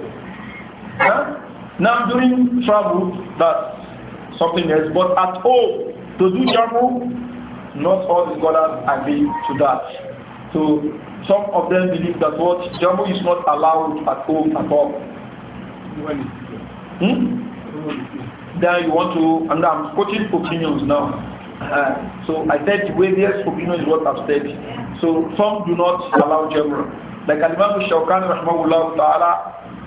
Huh? Now during travel, that's something else. But at home, to do Jamru, not all scholars agree to that. So some of them believe that what Jammu is not allowed at home at all. Hmm? then you want to, and I'm quoting opinions now. Uh, so I said the various opinion is what I've said. So some do not allow general. Like Imam Shawkan Rahmahullah Ta'ala,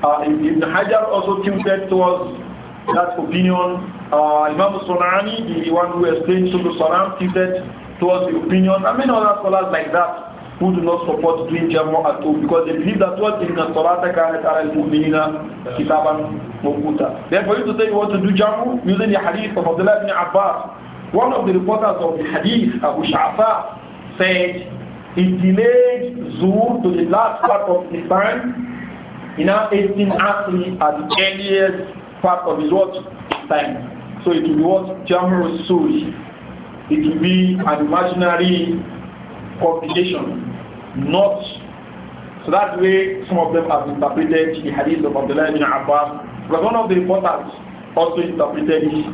uh, Ibn Hajar also tilted towards that opinion. Uh, Imam Sunani, the one who explained Sulu Salam, tilted towards the opinion. I mean other scholars like that who do not support doing jamu at all because they believe that what in Salata kanat ala al-mu'minina kitaban mawquta. Therefore, you to say you want to do jamu using the hadith of Abdullah ibn Abbas, one of the reporters of the hadith, Abu Sha'fa, said he delayed Zuhr to the last part of his time in our 18 Asri at the earliest part of his watch time. So it will be what? Jama'ah Suri. It will be an imaginary complication, not. So that way, some of them have interpreted the hadith of Abdullah ibn Abbas. But one of the reporters also interpreted it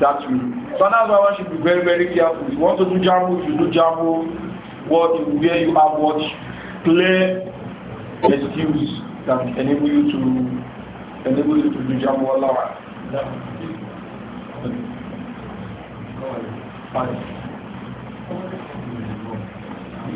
that way. So now why one should be very, very careful. If you want to do jamu, you do jamu, what where you have what clear excuse that enable you to enable you to do jamu Allah. Five.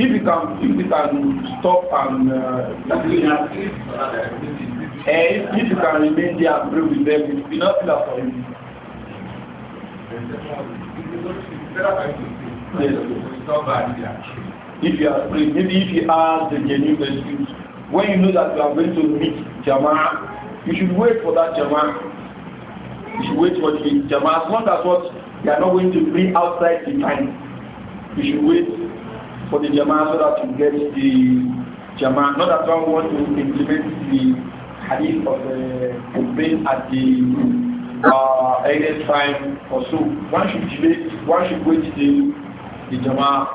if you can if you can stop and uh, eh, if you can remain there and pray with them it will not be for you. Yes. If you are praying, maybe if you ask the genuine excuse, when you know that you are going to meet Jama, you should wait for that Jama. You should wait for the Jama as long as what you are not going to bring outside the time. You should wait for the Jama'ah so that you get the Jama'ah. Not that one want to implement the hadith of the Ubin at the uh, earliest time or so. One should delay, one should wait till the Jama'ah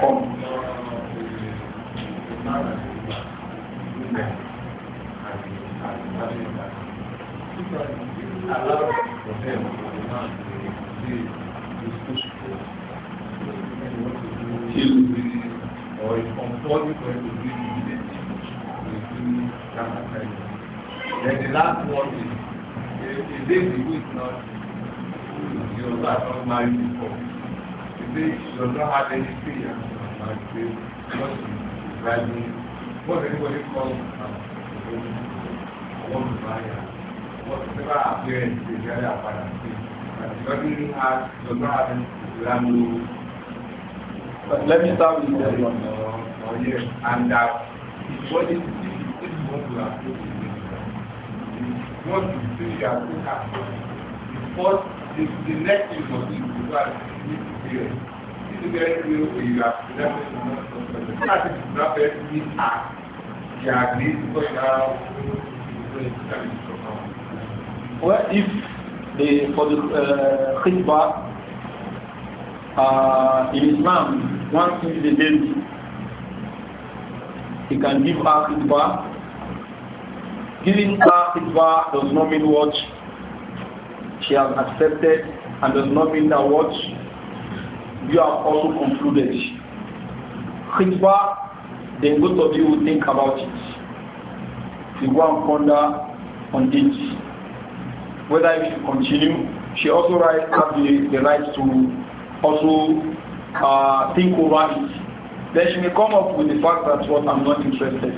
comes. Allow them to ill breathing or it's compulsory for him to breathe immediately within that time. Then the last one is a lady who is not you know that not married before. She say she does not have any fear of marriage say because she is driving what anybody calls her I want to marry her. Whatever her parents say, they are her parents say. And she doesn't have does not But let me start with the one. Uh, and that uh, what is this is what we are doing. What this you are doing Because the, the next thing for you to do is this is very clear where you are left to not something. That is not very neat act. You are agreeing to now. Well, if the, for the uh, khidbah, uh, in Islam, one sees the baby, he can give her bar. Giving her bar does not mean what she has accepted and does not mean that what you have also concluded. Khitbah, then both of you will think about it. You go and ponder on it. Whether you should continue, she also has the, the right to also uh, think over it, then she may come up with the fact that what I'm not interested.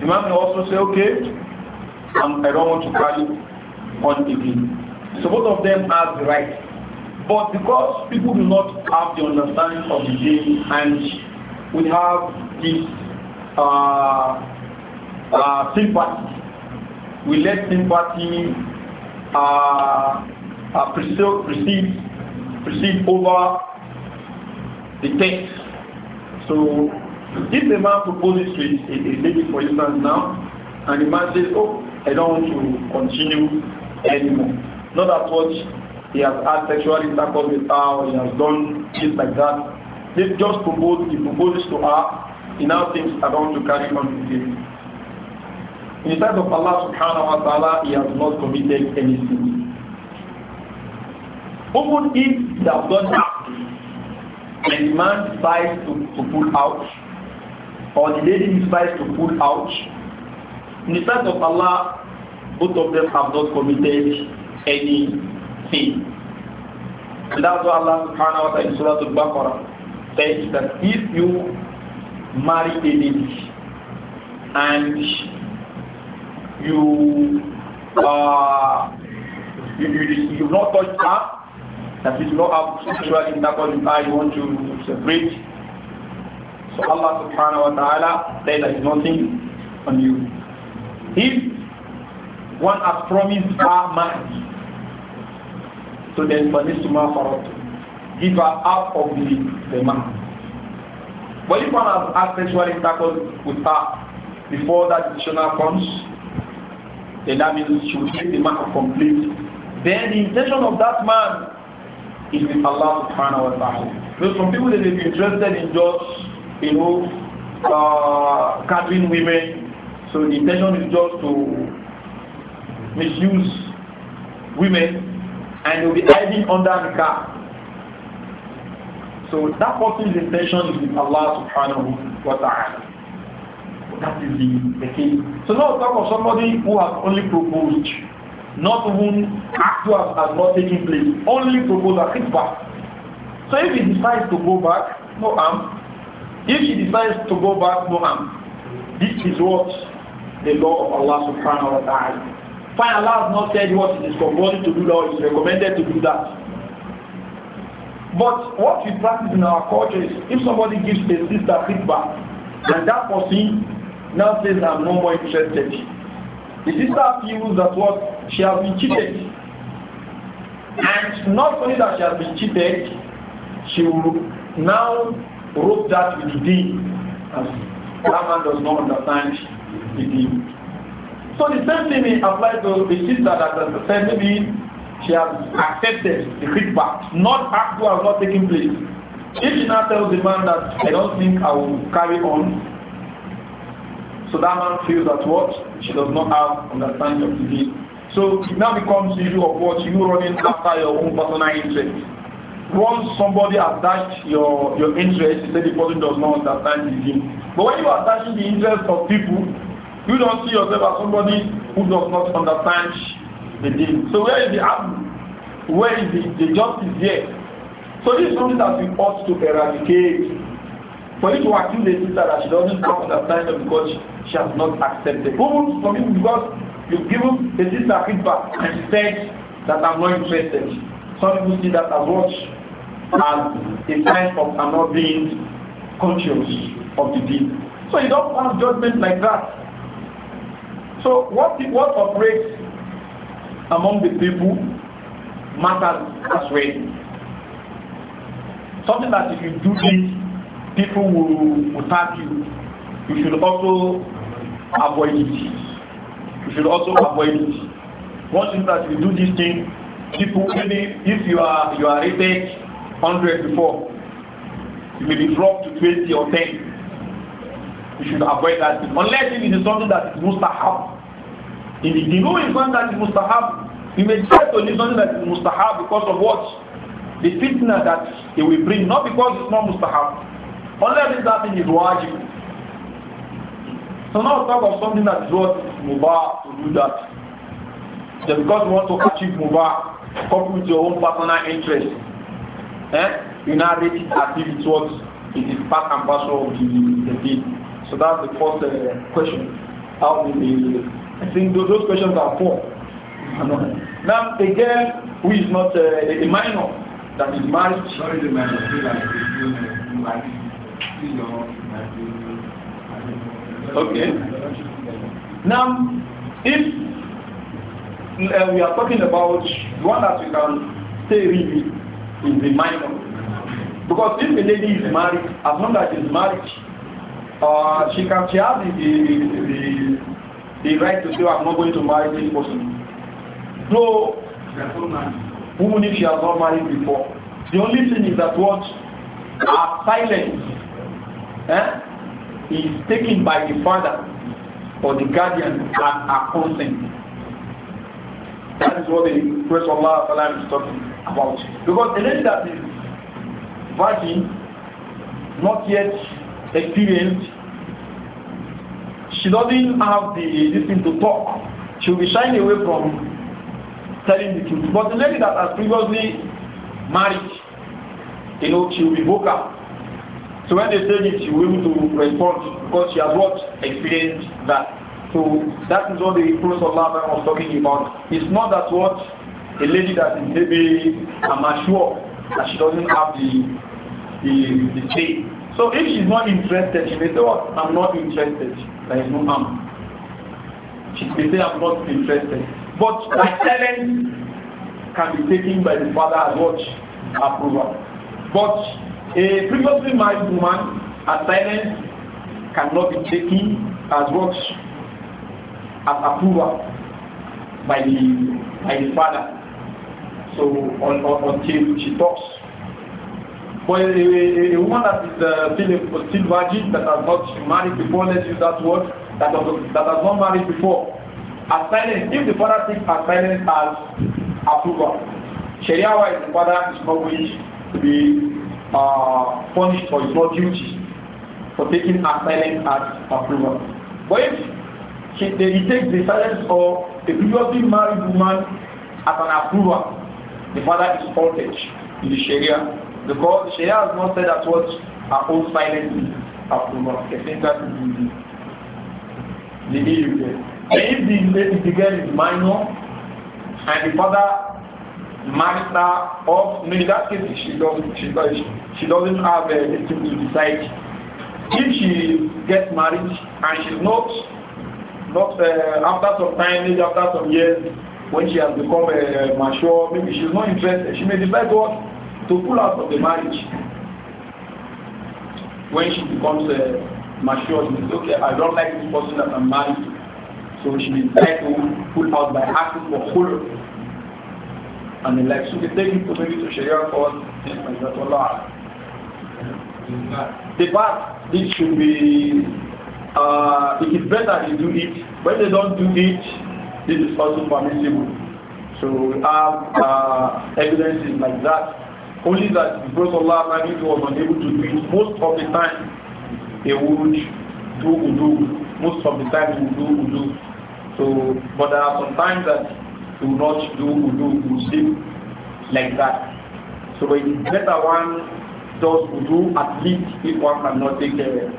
The man may also say, okay, I'm, I don't want to carry on again. So both of them have the right. But because people do not have the understanding of the game and we have this uh, uh, sympathy, we let sympathy uh, uh, precede, precede, precede over the text. So if a man proposes to a, lady, for instance, now, and the man says, oh, I don't want to continue anymore. Not that what he has had sexual intercourse with her or he has done things like that. They just proposed he proposes to her, he now thinks, I don't want to carry on with him. In the sight of Allah subhanahu wa ta'ala, he has not committed any sin. Even if he has done that, and the man decides to, to pull out, or the lady decides to pull out, in the sight of Allah, both of them have not committed any sin. And that's why Allah subhanahu wa ta'ala in Surah Al-Baqarah says that if you marry a lady and you uh, you, you, you not touch her that you do not have sexual intercourse with her, you want to separate. So Allah subhanahu wa ta'ala says there is nothing on you. If one has promised her marriage, so then Banisuma Farot, give her half of the, the man. But if one has had sexual intercourse with her before that additional comes, then that means she will take the man complete. Then the intention of that man is with Allah subhanahu wa ta'ala. So some people that may be interested in just, you know, uh, women. So the intention is just to misuse women and you'll be hiding under the car. So that person's intention is with Allah subhanahu wa ta'ala. That is the, the key. So now talk of somebody who has only proposed not even actual has not taken place, only proposal back. So if he decides to go back, no harm. If he decides to go back, no harm. This is what the law of Allah subhanahu wa ta'ala. Fine, Allah has not said what it is compulsory to do that or it is recommended to do that. But what we practice in our culture is if somebody gives a sister feedback and that person now says I'm no more interested, the sister feels that what she has been cheated. And not only that she has been cheated, she will now wrote that with the deed. That man does not understand the deed. So the same thing applies to the sister that has said maybe she has accepted the feedback, not actual, not taking place. If she now tells the man that I don't think I will carry on, so that man feels that what she does not have understanding of the deal. So it now becomes the issue of what you running after your own personal interest. Once somebody attached your, your interest, you say the person does not understand the deen. But when you are attaching the interest of people, you don't see yourself as somebody who does not understand the deal. So where is the where is the, the justice here? So this is something that we ought to eradicate for you to accuse a sister that she doesn't come on the time because she has not accepted. Even for you because you've given the sister feedback and said that I'm not interested. Some people see that as what as a sign of I'm not being conscious of the deed. So you don't pass judgment like that. So what what operates among the people matters as well. Something that if you do this people will, will tap you. You should also avoid it. You should also avoid it. Once that you do this thing, people maybe if you are you are rated hundred before, you may be dropped to twenty or ten. You should avoid that thing. Unless it is something that is have. If the know is something that is have, you may try to do something that is have because of what? The fitness that it will bring, not because it's not must have. Only if that thing is wajib. So now talk of something that is draws mubah to do that. Just because you want to achieve mubah, coupled with your own personal interest, eh? you now rate it as if it's it is part and parcel of the, the deed. So that's the first uh, question. How will the, I think those, those questions are four. now, again, girl who is not uh, a minor, that is married. Sorry, the minor. Okay. Now, if uh, we are talking about one that we can stay really is the minor, because if a lady is married, as long as she's married, uh, she can she has the, the, the, right to say I'm not going to marry this person. No, woman if she has not married before. The only thing is that what are silence eh, is taken by the father or the guardian and are consent. That is what the Prophet Allah is talking about. Because the lady that is virgin, not yet experienced, she doesn't have the this thing to talk. She'll be shying away from telling the truth. But the lady that has previously married, you know, she'll be vocal. So when they say this, you will to respond because you have not experienced that. So that is what the Prophet was talking about. It's not that what a lady that is maybe a that she doesn't have the the the say. So if she's not interested, she may say, "What? Oh, I'm not interested. There is no harm." She may say, "I'm not interested." But my silence can be taken by the father as what approval. But a previously married woman, her silence cannot be taken as what as approval by the by the father. So on, on, until she talks. But a, a, a woman that is uh, still, a, still virgin that has not married before, let's use that word, that has, that has not married before, as silence, if the father takes as silence as approval, Sharia wise, the father is not going to be uh, punished or his not duty for taking a silent as approval. But if he takes the silence of a previously married woman as an approval, the father is faulted in the Sharia because the Sharia has not said that what a own silence is approval. I think that is the, the issue And if the, if the girl is minor and the father master of, no, in that case, she doesn't, she, she doesn't have uh, anything to decide. If she gets married and she's not, not uh, after some time, maybe after some years, when she has become uh, mature, maybe she's not interested, she may decide what? To pull out of the marriage. When she becomes uh, mature, she says, okay, I don't like this person that I'm married. So she may decide to pull out by asking for full and the like. So they take him to maybe to Sharia court, that. Allah. The part this should be uh, it is better they do it. When they don't do it, this is also permissible. So we have uh, evidences like that. Only that because Allah was unable to do it most of the time, they would do udu. Most of the time, they would do udu. So, but there are some times that do not do do will sleep like that. So it is better one does wudu at least if one cannot take the,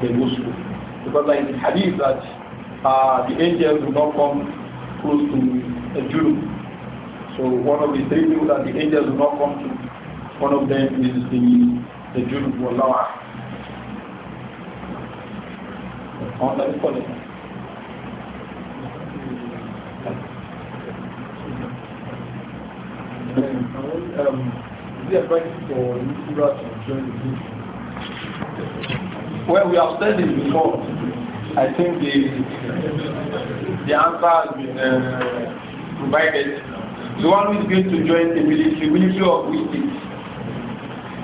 the Muslim, Because like the hadith that uh, the angels will not come close to a Jew. So one of the three people that the angels will not come to, one of them is the, the Jew, Allah. On the Well, we have said before. I think the the answer has been uh, provided. The one who is going to join the military, military of which is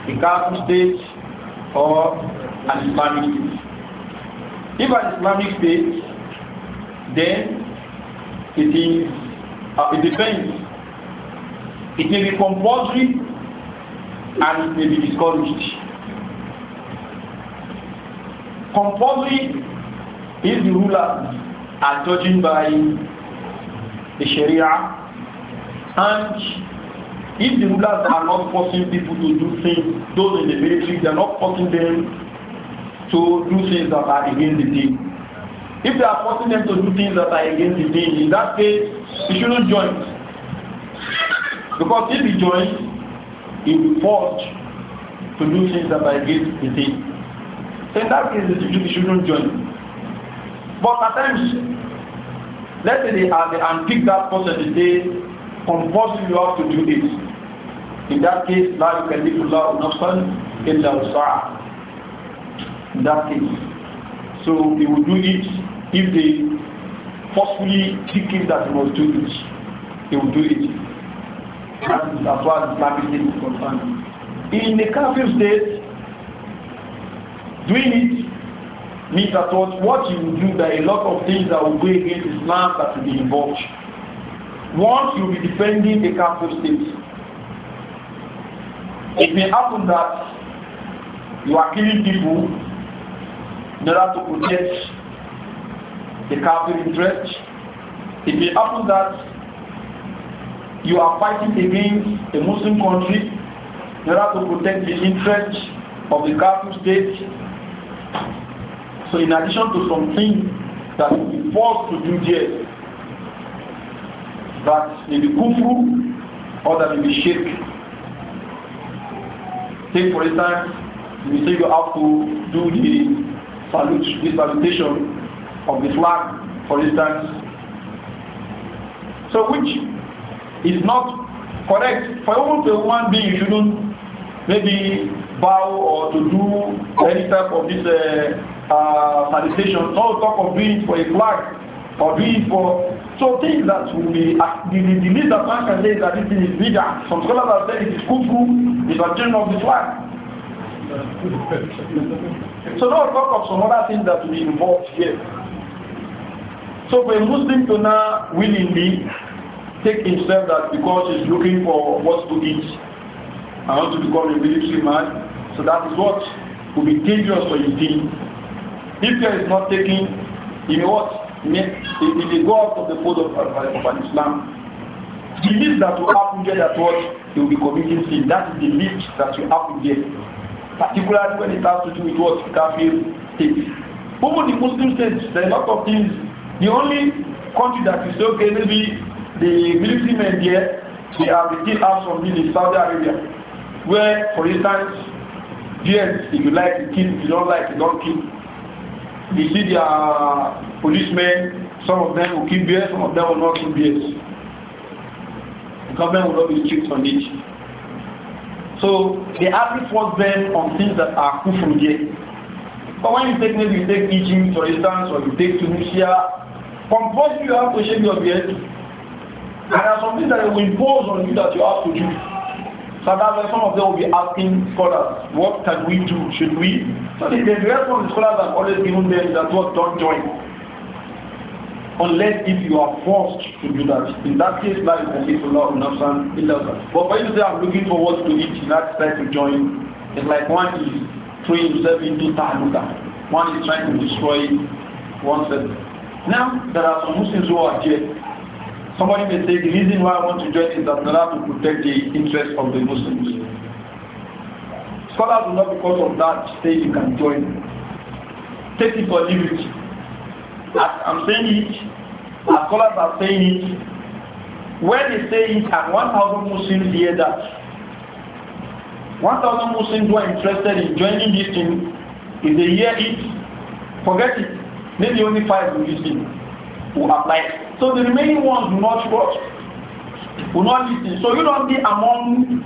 the Catholic state or an Islamic state. If an Islamic state, then it is uh, it depends it may be compulsory and it may be discouraged. Compulsory is the ruler as judging by the Sharia and if the rulers are not forcing people to do things, those in the military, they are not forcing them to do things that are against the team. If they are forcing them to do things that are against the team, in that case, you shouldn't join. Because if he joins, he will be forced to do things that are against the faith. So in that case, he shouldn't join. But at times, let's say they are they unpick that person they compulsory you have to do this. In that case, now la yukallifullahu nafsan illa usaha. In that case. So they will do it if they forcefully think that he must do it. They will do it. And far as Islamic is concerned. In the kafir state, doing it means that what, what you will do, there are a lot of things that will go against Islam that will be involved. Once you will be defending the kafir state, it may happen that you are killing people in order to protect the kafir interest. It may happen that you are fighting against a Muslim country in order to protect the interests of the Catholic state. So in addition to something that you will be forced to do there, that may be Kufu or that may be shirk. Take for instance, you say you have to do the salute, the salutation of the flag, for instance. So which is not correct. For even a one being, you shouldn't maybe bow or to do any type of this uh, uh, No talk of doing it for a flag or doing it for. So things that will be, uh, the, the, the least that one can say is that this thing is bigger. Some scholars have said it is kufu, it's a change of the flag. so no talk of some other things that will be involved here. So for a Muslim to now willingly take himself that because he's looking for what to eat, I want to become a military man. So that is what will be dangerous for his team. If is not taking, you know what? He will go out of the fold of, of, of Islam. The least that will happen there that what he will be committing sin. That is the least that will happen there. Particularly when it has to do with what Kafir states. Even the Muslim states, there are a lot of things. The only country that is okay, maybe the military men there, they have still have some deal in Saudi Arabia, where, for instance, yes, if you like, you keep, if you don't like, you don't keep. You see, the policemen, some of them will keep beer, some of them will not keep beer. The government will not be strict on it. So they hardly force them on things that are cool from here. But when you take maybe you take Egypt, for instance, or you take Tunisia, compulsory you have to shave your beard. And there are some things that they will impose on you that you have to do. So that's why some of them will be asking scholars, what can we do? Should we? So the, the scholars have always given them that what don't join. Unless if you are forced to do that. In that case, life can leave a lot nafsan But for you to say, I'm looking for what to eat, that sense to join, it's like one is throwing himself into tahanuka. One is trying to destroy oneself. Now, there are some Muslims who are here. Somebody may say the reason why I want to join is that in order to protect the interests of the Muslims. Scholars will not because of that say you can join. Take it for liberty. As I'm saying it, as scholars are saying it, when they say it and 1,000 Muslims hear that, 1,000 Muslims who are interested in joining this thing, if they hear it, forget it. Maybe only five will listen, will apply it. So the remaining ones will not what? Will not listen. So you don't be among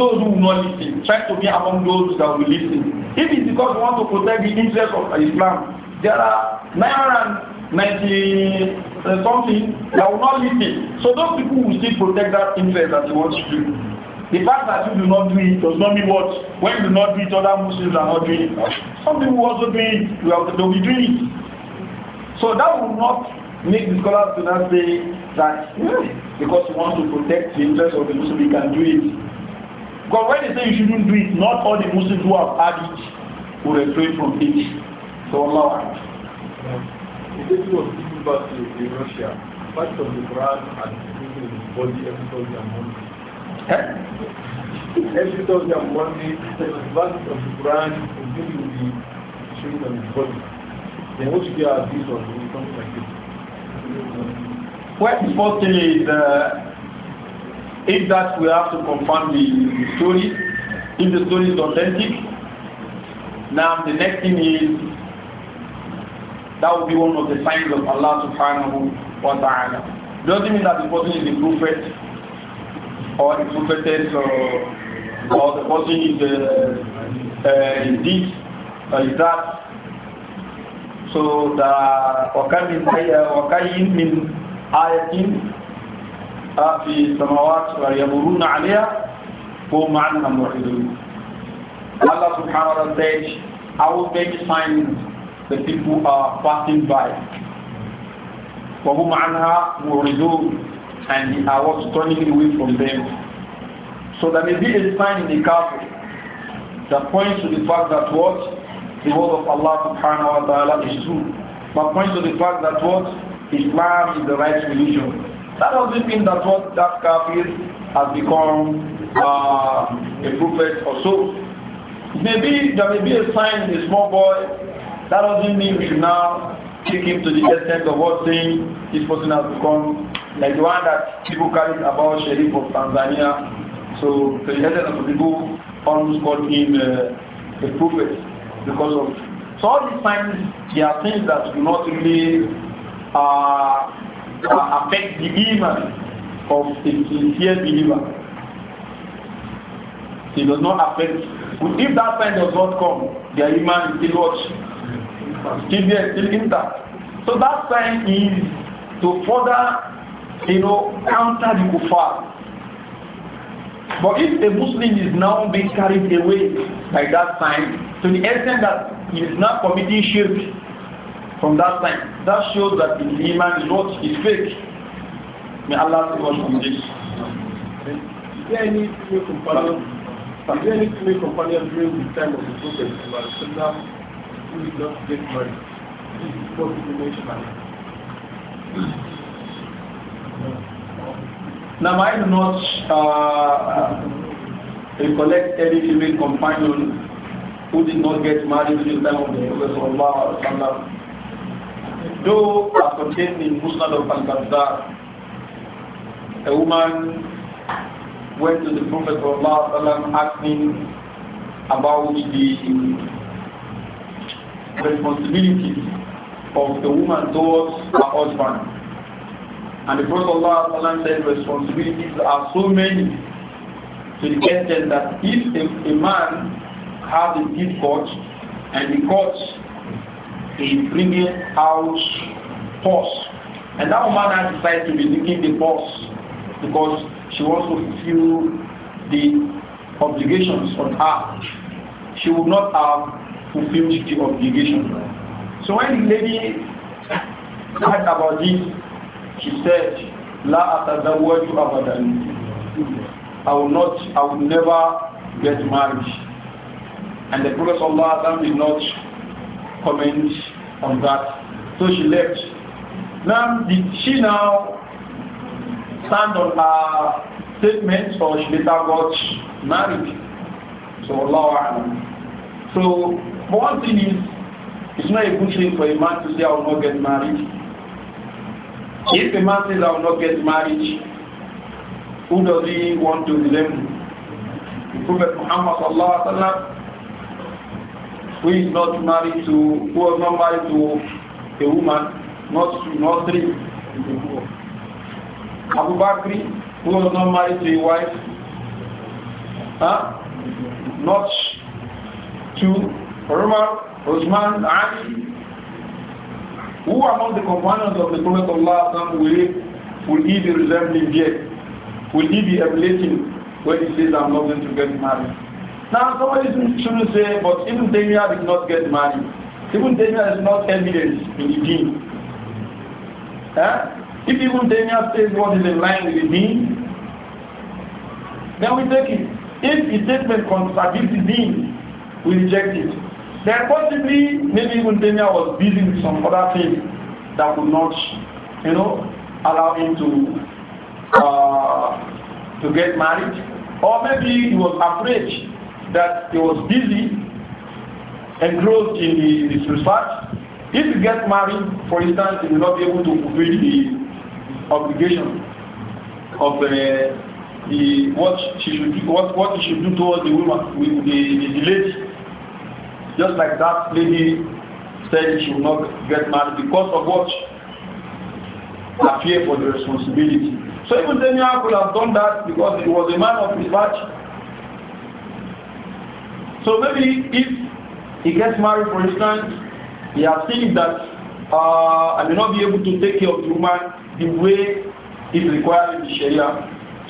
those who will not listen. Try to be among those that will listen. If it's because you want to protect the interests of Islam, there are 990 uh, something that will not listen. So those people will still protect that interest that they want to do. The fact that you do not do it does not mean what? When you do not do it, other Muslims are not doing it. Some people also do it, they will be doing it. So that will not make the scholars do not say that hmm, because you want to protect the interest of the Muslim, you can do it. Because when they say you shouldn't do it, not all the Muslims who have had it will refrain from it. So Allah. Yeah. The issue of giving back to in Russia, part of the brand and using his body every Thursday and Monday. Huh? Eh? Every Thursday and Monday, the verse of the brand is going to be showing on his body. Then what should be our views on something like this? Well, the first thing is, uh, if that we have to confirm the, the story, if the story is authentic, now the next thing is, that will be one of the signs of Allah subhanahu wa ta'ala. Doesn't mean that the person is a prophet or a prophetess or, or the person is, uh, uh, is this or is that. So the وَكَمْ مِنْ وَكَيِّن مِنْ fi في السماوات yamuruna عليها هم عنها معرضون Allah subhanahu wa ta'ala says, I will make signs the people are passing by. وَهُمْ عَنْهَا مُعْرِضُونَ And I was turning away from them. So there may be a sign in the castle that points to the fact that what? the word of Allah subhanahu wa ta'ala is true. But points to the fact that what? Islam is the right religion. That doesn't mean that what that kafir has become uh, a prophet or so. Maybe there may be a sign in a small boy. That doesn't mean we should now take him to the extent of what saying this person has become like the one that people carried about Sheriff of Tanzania. So the extent of people almost called him uh, a prophet because of so all these times there are things that do not really uh, uh affect the iman of a sincere believer. It does not affect. If that sign does not come, the human is still what? Still there, still intact. So that sign is to further, you know, counter the kuffar but if a Muslim is now being carried away by that sign, to the extent that he is not committing shirk from that sign, that shows that the iman is not fake. May Allah save us from this. Is there any female companion? Is there any female companion during the time of the Prophet who did not get married? This is what you mentioned. Now, I do not uh, recollect any female companion who did not get married during the time of the Prophet. Though, as contained in Musnad of al a woman went to the Prophet asking about the responsibilities of the woman towards her husband. And the Prophet Allah said responsibilities are so many to the extent that if a, a man has a deep caught and the caught is bringing out force, and that woman has decided to be licking the force because she wants to fulfill the obligations on her, she would not have fulfilled the obligation. So when the lady heard about this, she said, La atazawwaju abadan. I will not, I will never get married. And the Prophet Allah did not comment on that. So she left. Now, did she now stand on her statement or she later got married? So Allah So, one thing is, it's not a good thing for a man to say, I will not get married if a man says, I will not get married, who does he want to blame? The Prophet Muhammad sallallahu alaihi wasallam, who is not married to, who was not married to a woman, not two, not three. Abu Bakr, who was not married to a wife, huh? not two. Umar, Usman, Ali, who among the companions of the Prophet Allah will, will he be resembling yet? Will he be emulating when he says, I'm not going to get married? Now, somebody shouldn't say, but even Daniel did not get married. Even Daniel is not evidence in the deen. Huh? If even Taymiyyah says what is in line with the deen, then we take it. If the statement contradicts the deen, we reject it. Then possibly, maybe even Daniel was busy with some other things that would not, you know, allow him to uh, to get married. Or maybe he was afraid that he was busy, engrossed in the, this research. If he gets married, for instance, he will not be able to fulfill the obligation of the, uh, the what she should what what he should do towards the woman, with the, the lady just like that lady said she will not get married because of what? Her fear for the responsibility. So even Daniel could have done that because he was a man of his batch. So maybe if he gets married, for instance, he has seen that uh, I may not be able to take care of the woman the way it required in the Sharia.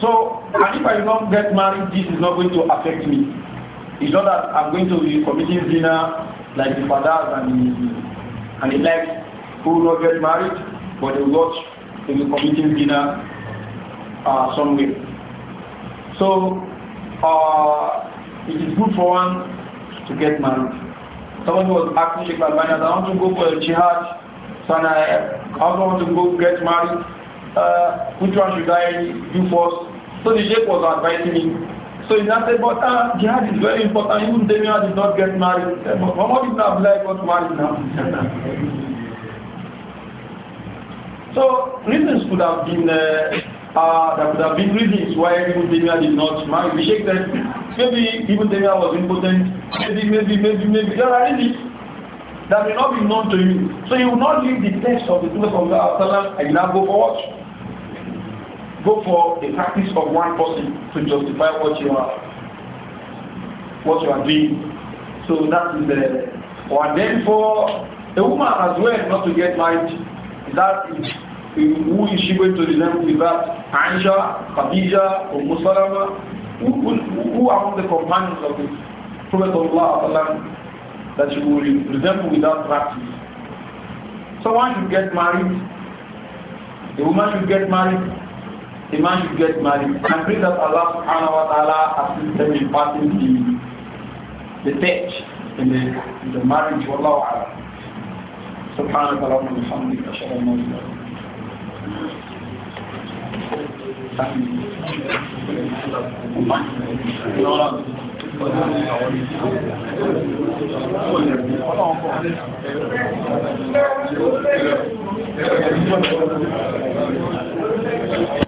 So, and if I don't get married, this is not going to affect me. It's not that I'm going to be committing dinner like the fathers and the, and the like who will not get married, but they will not they will committing dinner uh, somewhere. So uh, it is good for one to get married. Someone was asking Sheikh Albani, I want to go for a jihad, so I also want to go get married. Uh, which one should I do first? So the Sheikh was advising me. So he said, but uh, jihad is very important. Even Damien did not get married. Eh, Muhammad ibn Abdullah got married now. so reasons could have been, uh, uh, there could have been reasons why even Damien did not marry. We shake that maybe even Damien was impotent. Maybe, maybe, maybe, maybe. There are reasons that may not be known to you. So you will not leave the text of the Prophet of Allah and you now go for what? go for the practice of one person to justify what you are what you are doing. So that is the or then for a woman as well not to get married. That is, who is she going to resemble with that? Aisha, Khadija, or Musalama? Who, who, who among the companions of the Prophet of Allah that she will resemble with that practice? Someone should get married. The woman should get married a man should get married. And pray that Allah subhanahu wa ta'ala assists them in passing the, the test in the, in the marriage. Wallahu a'lam. سبحانك اللهم وبحمدك اشهد ان لا اله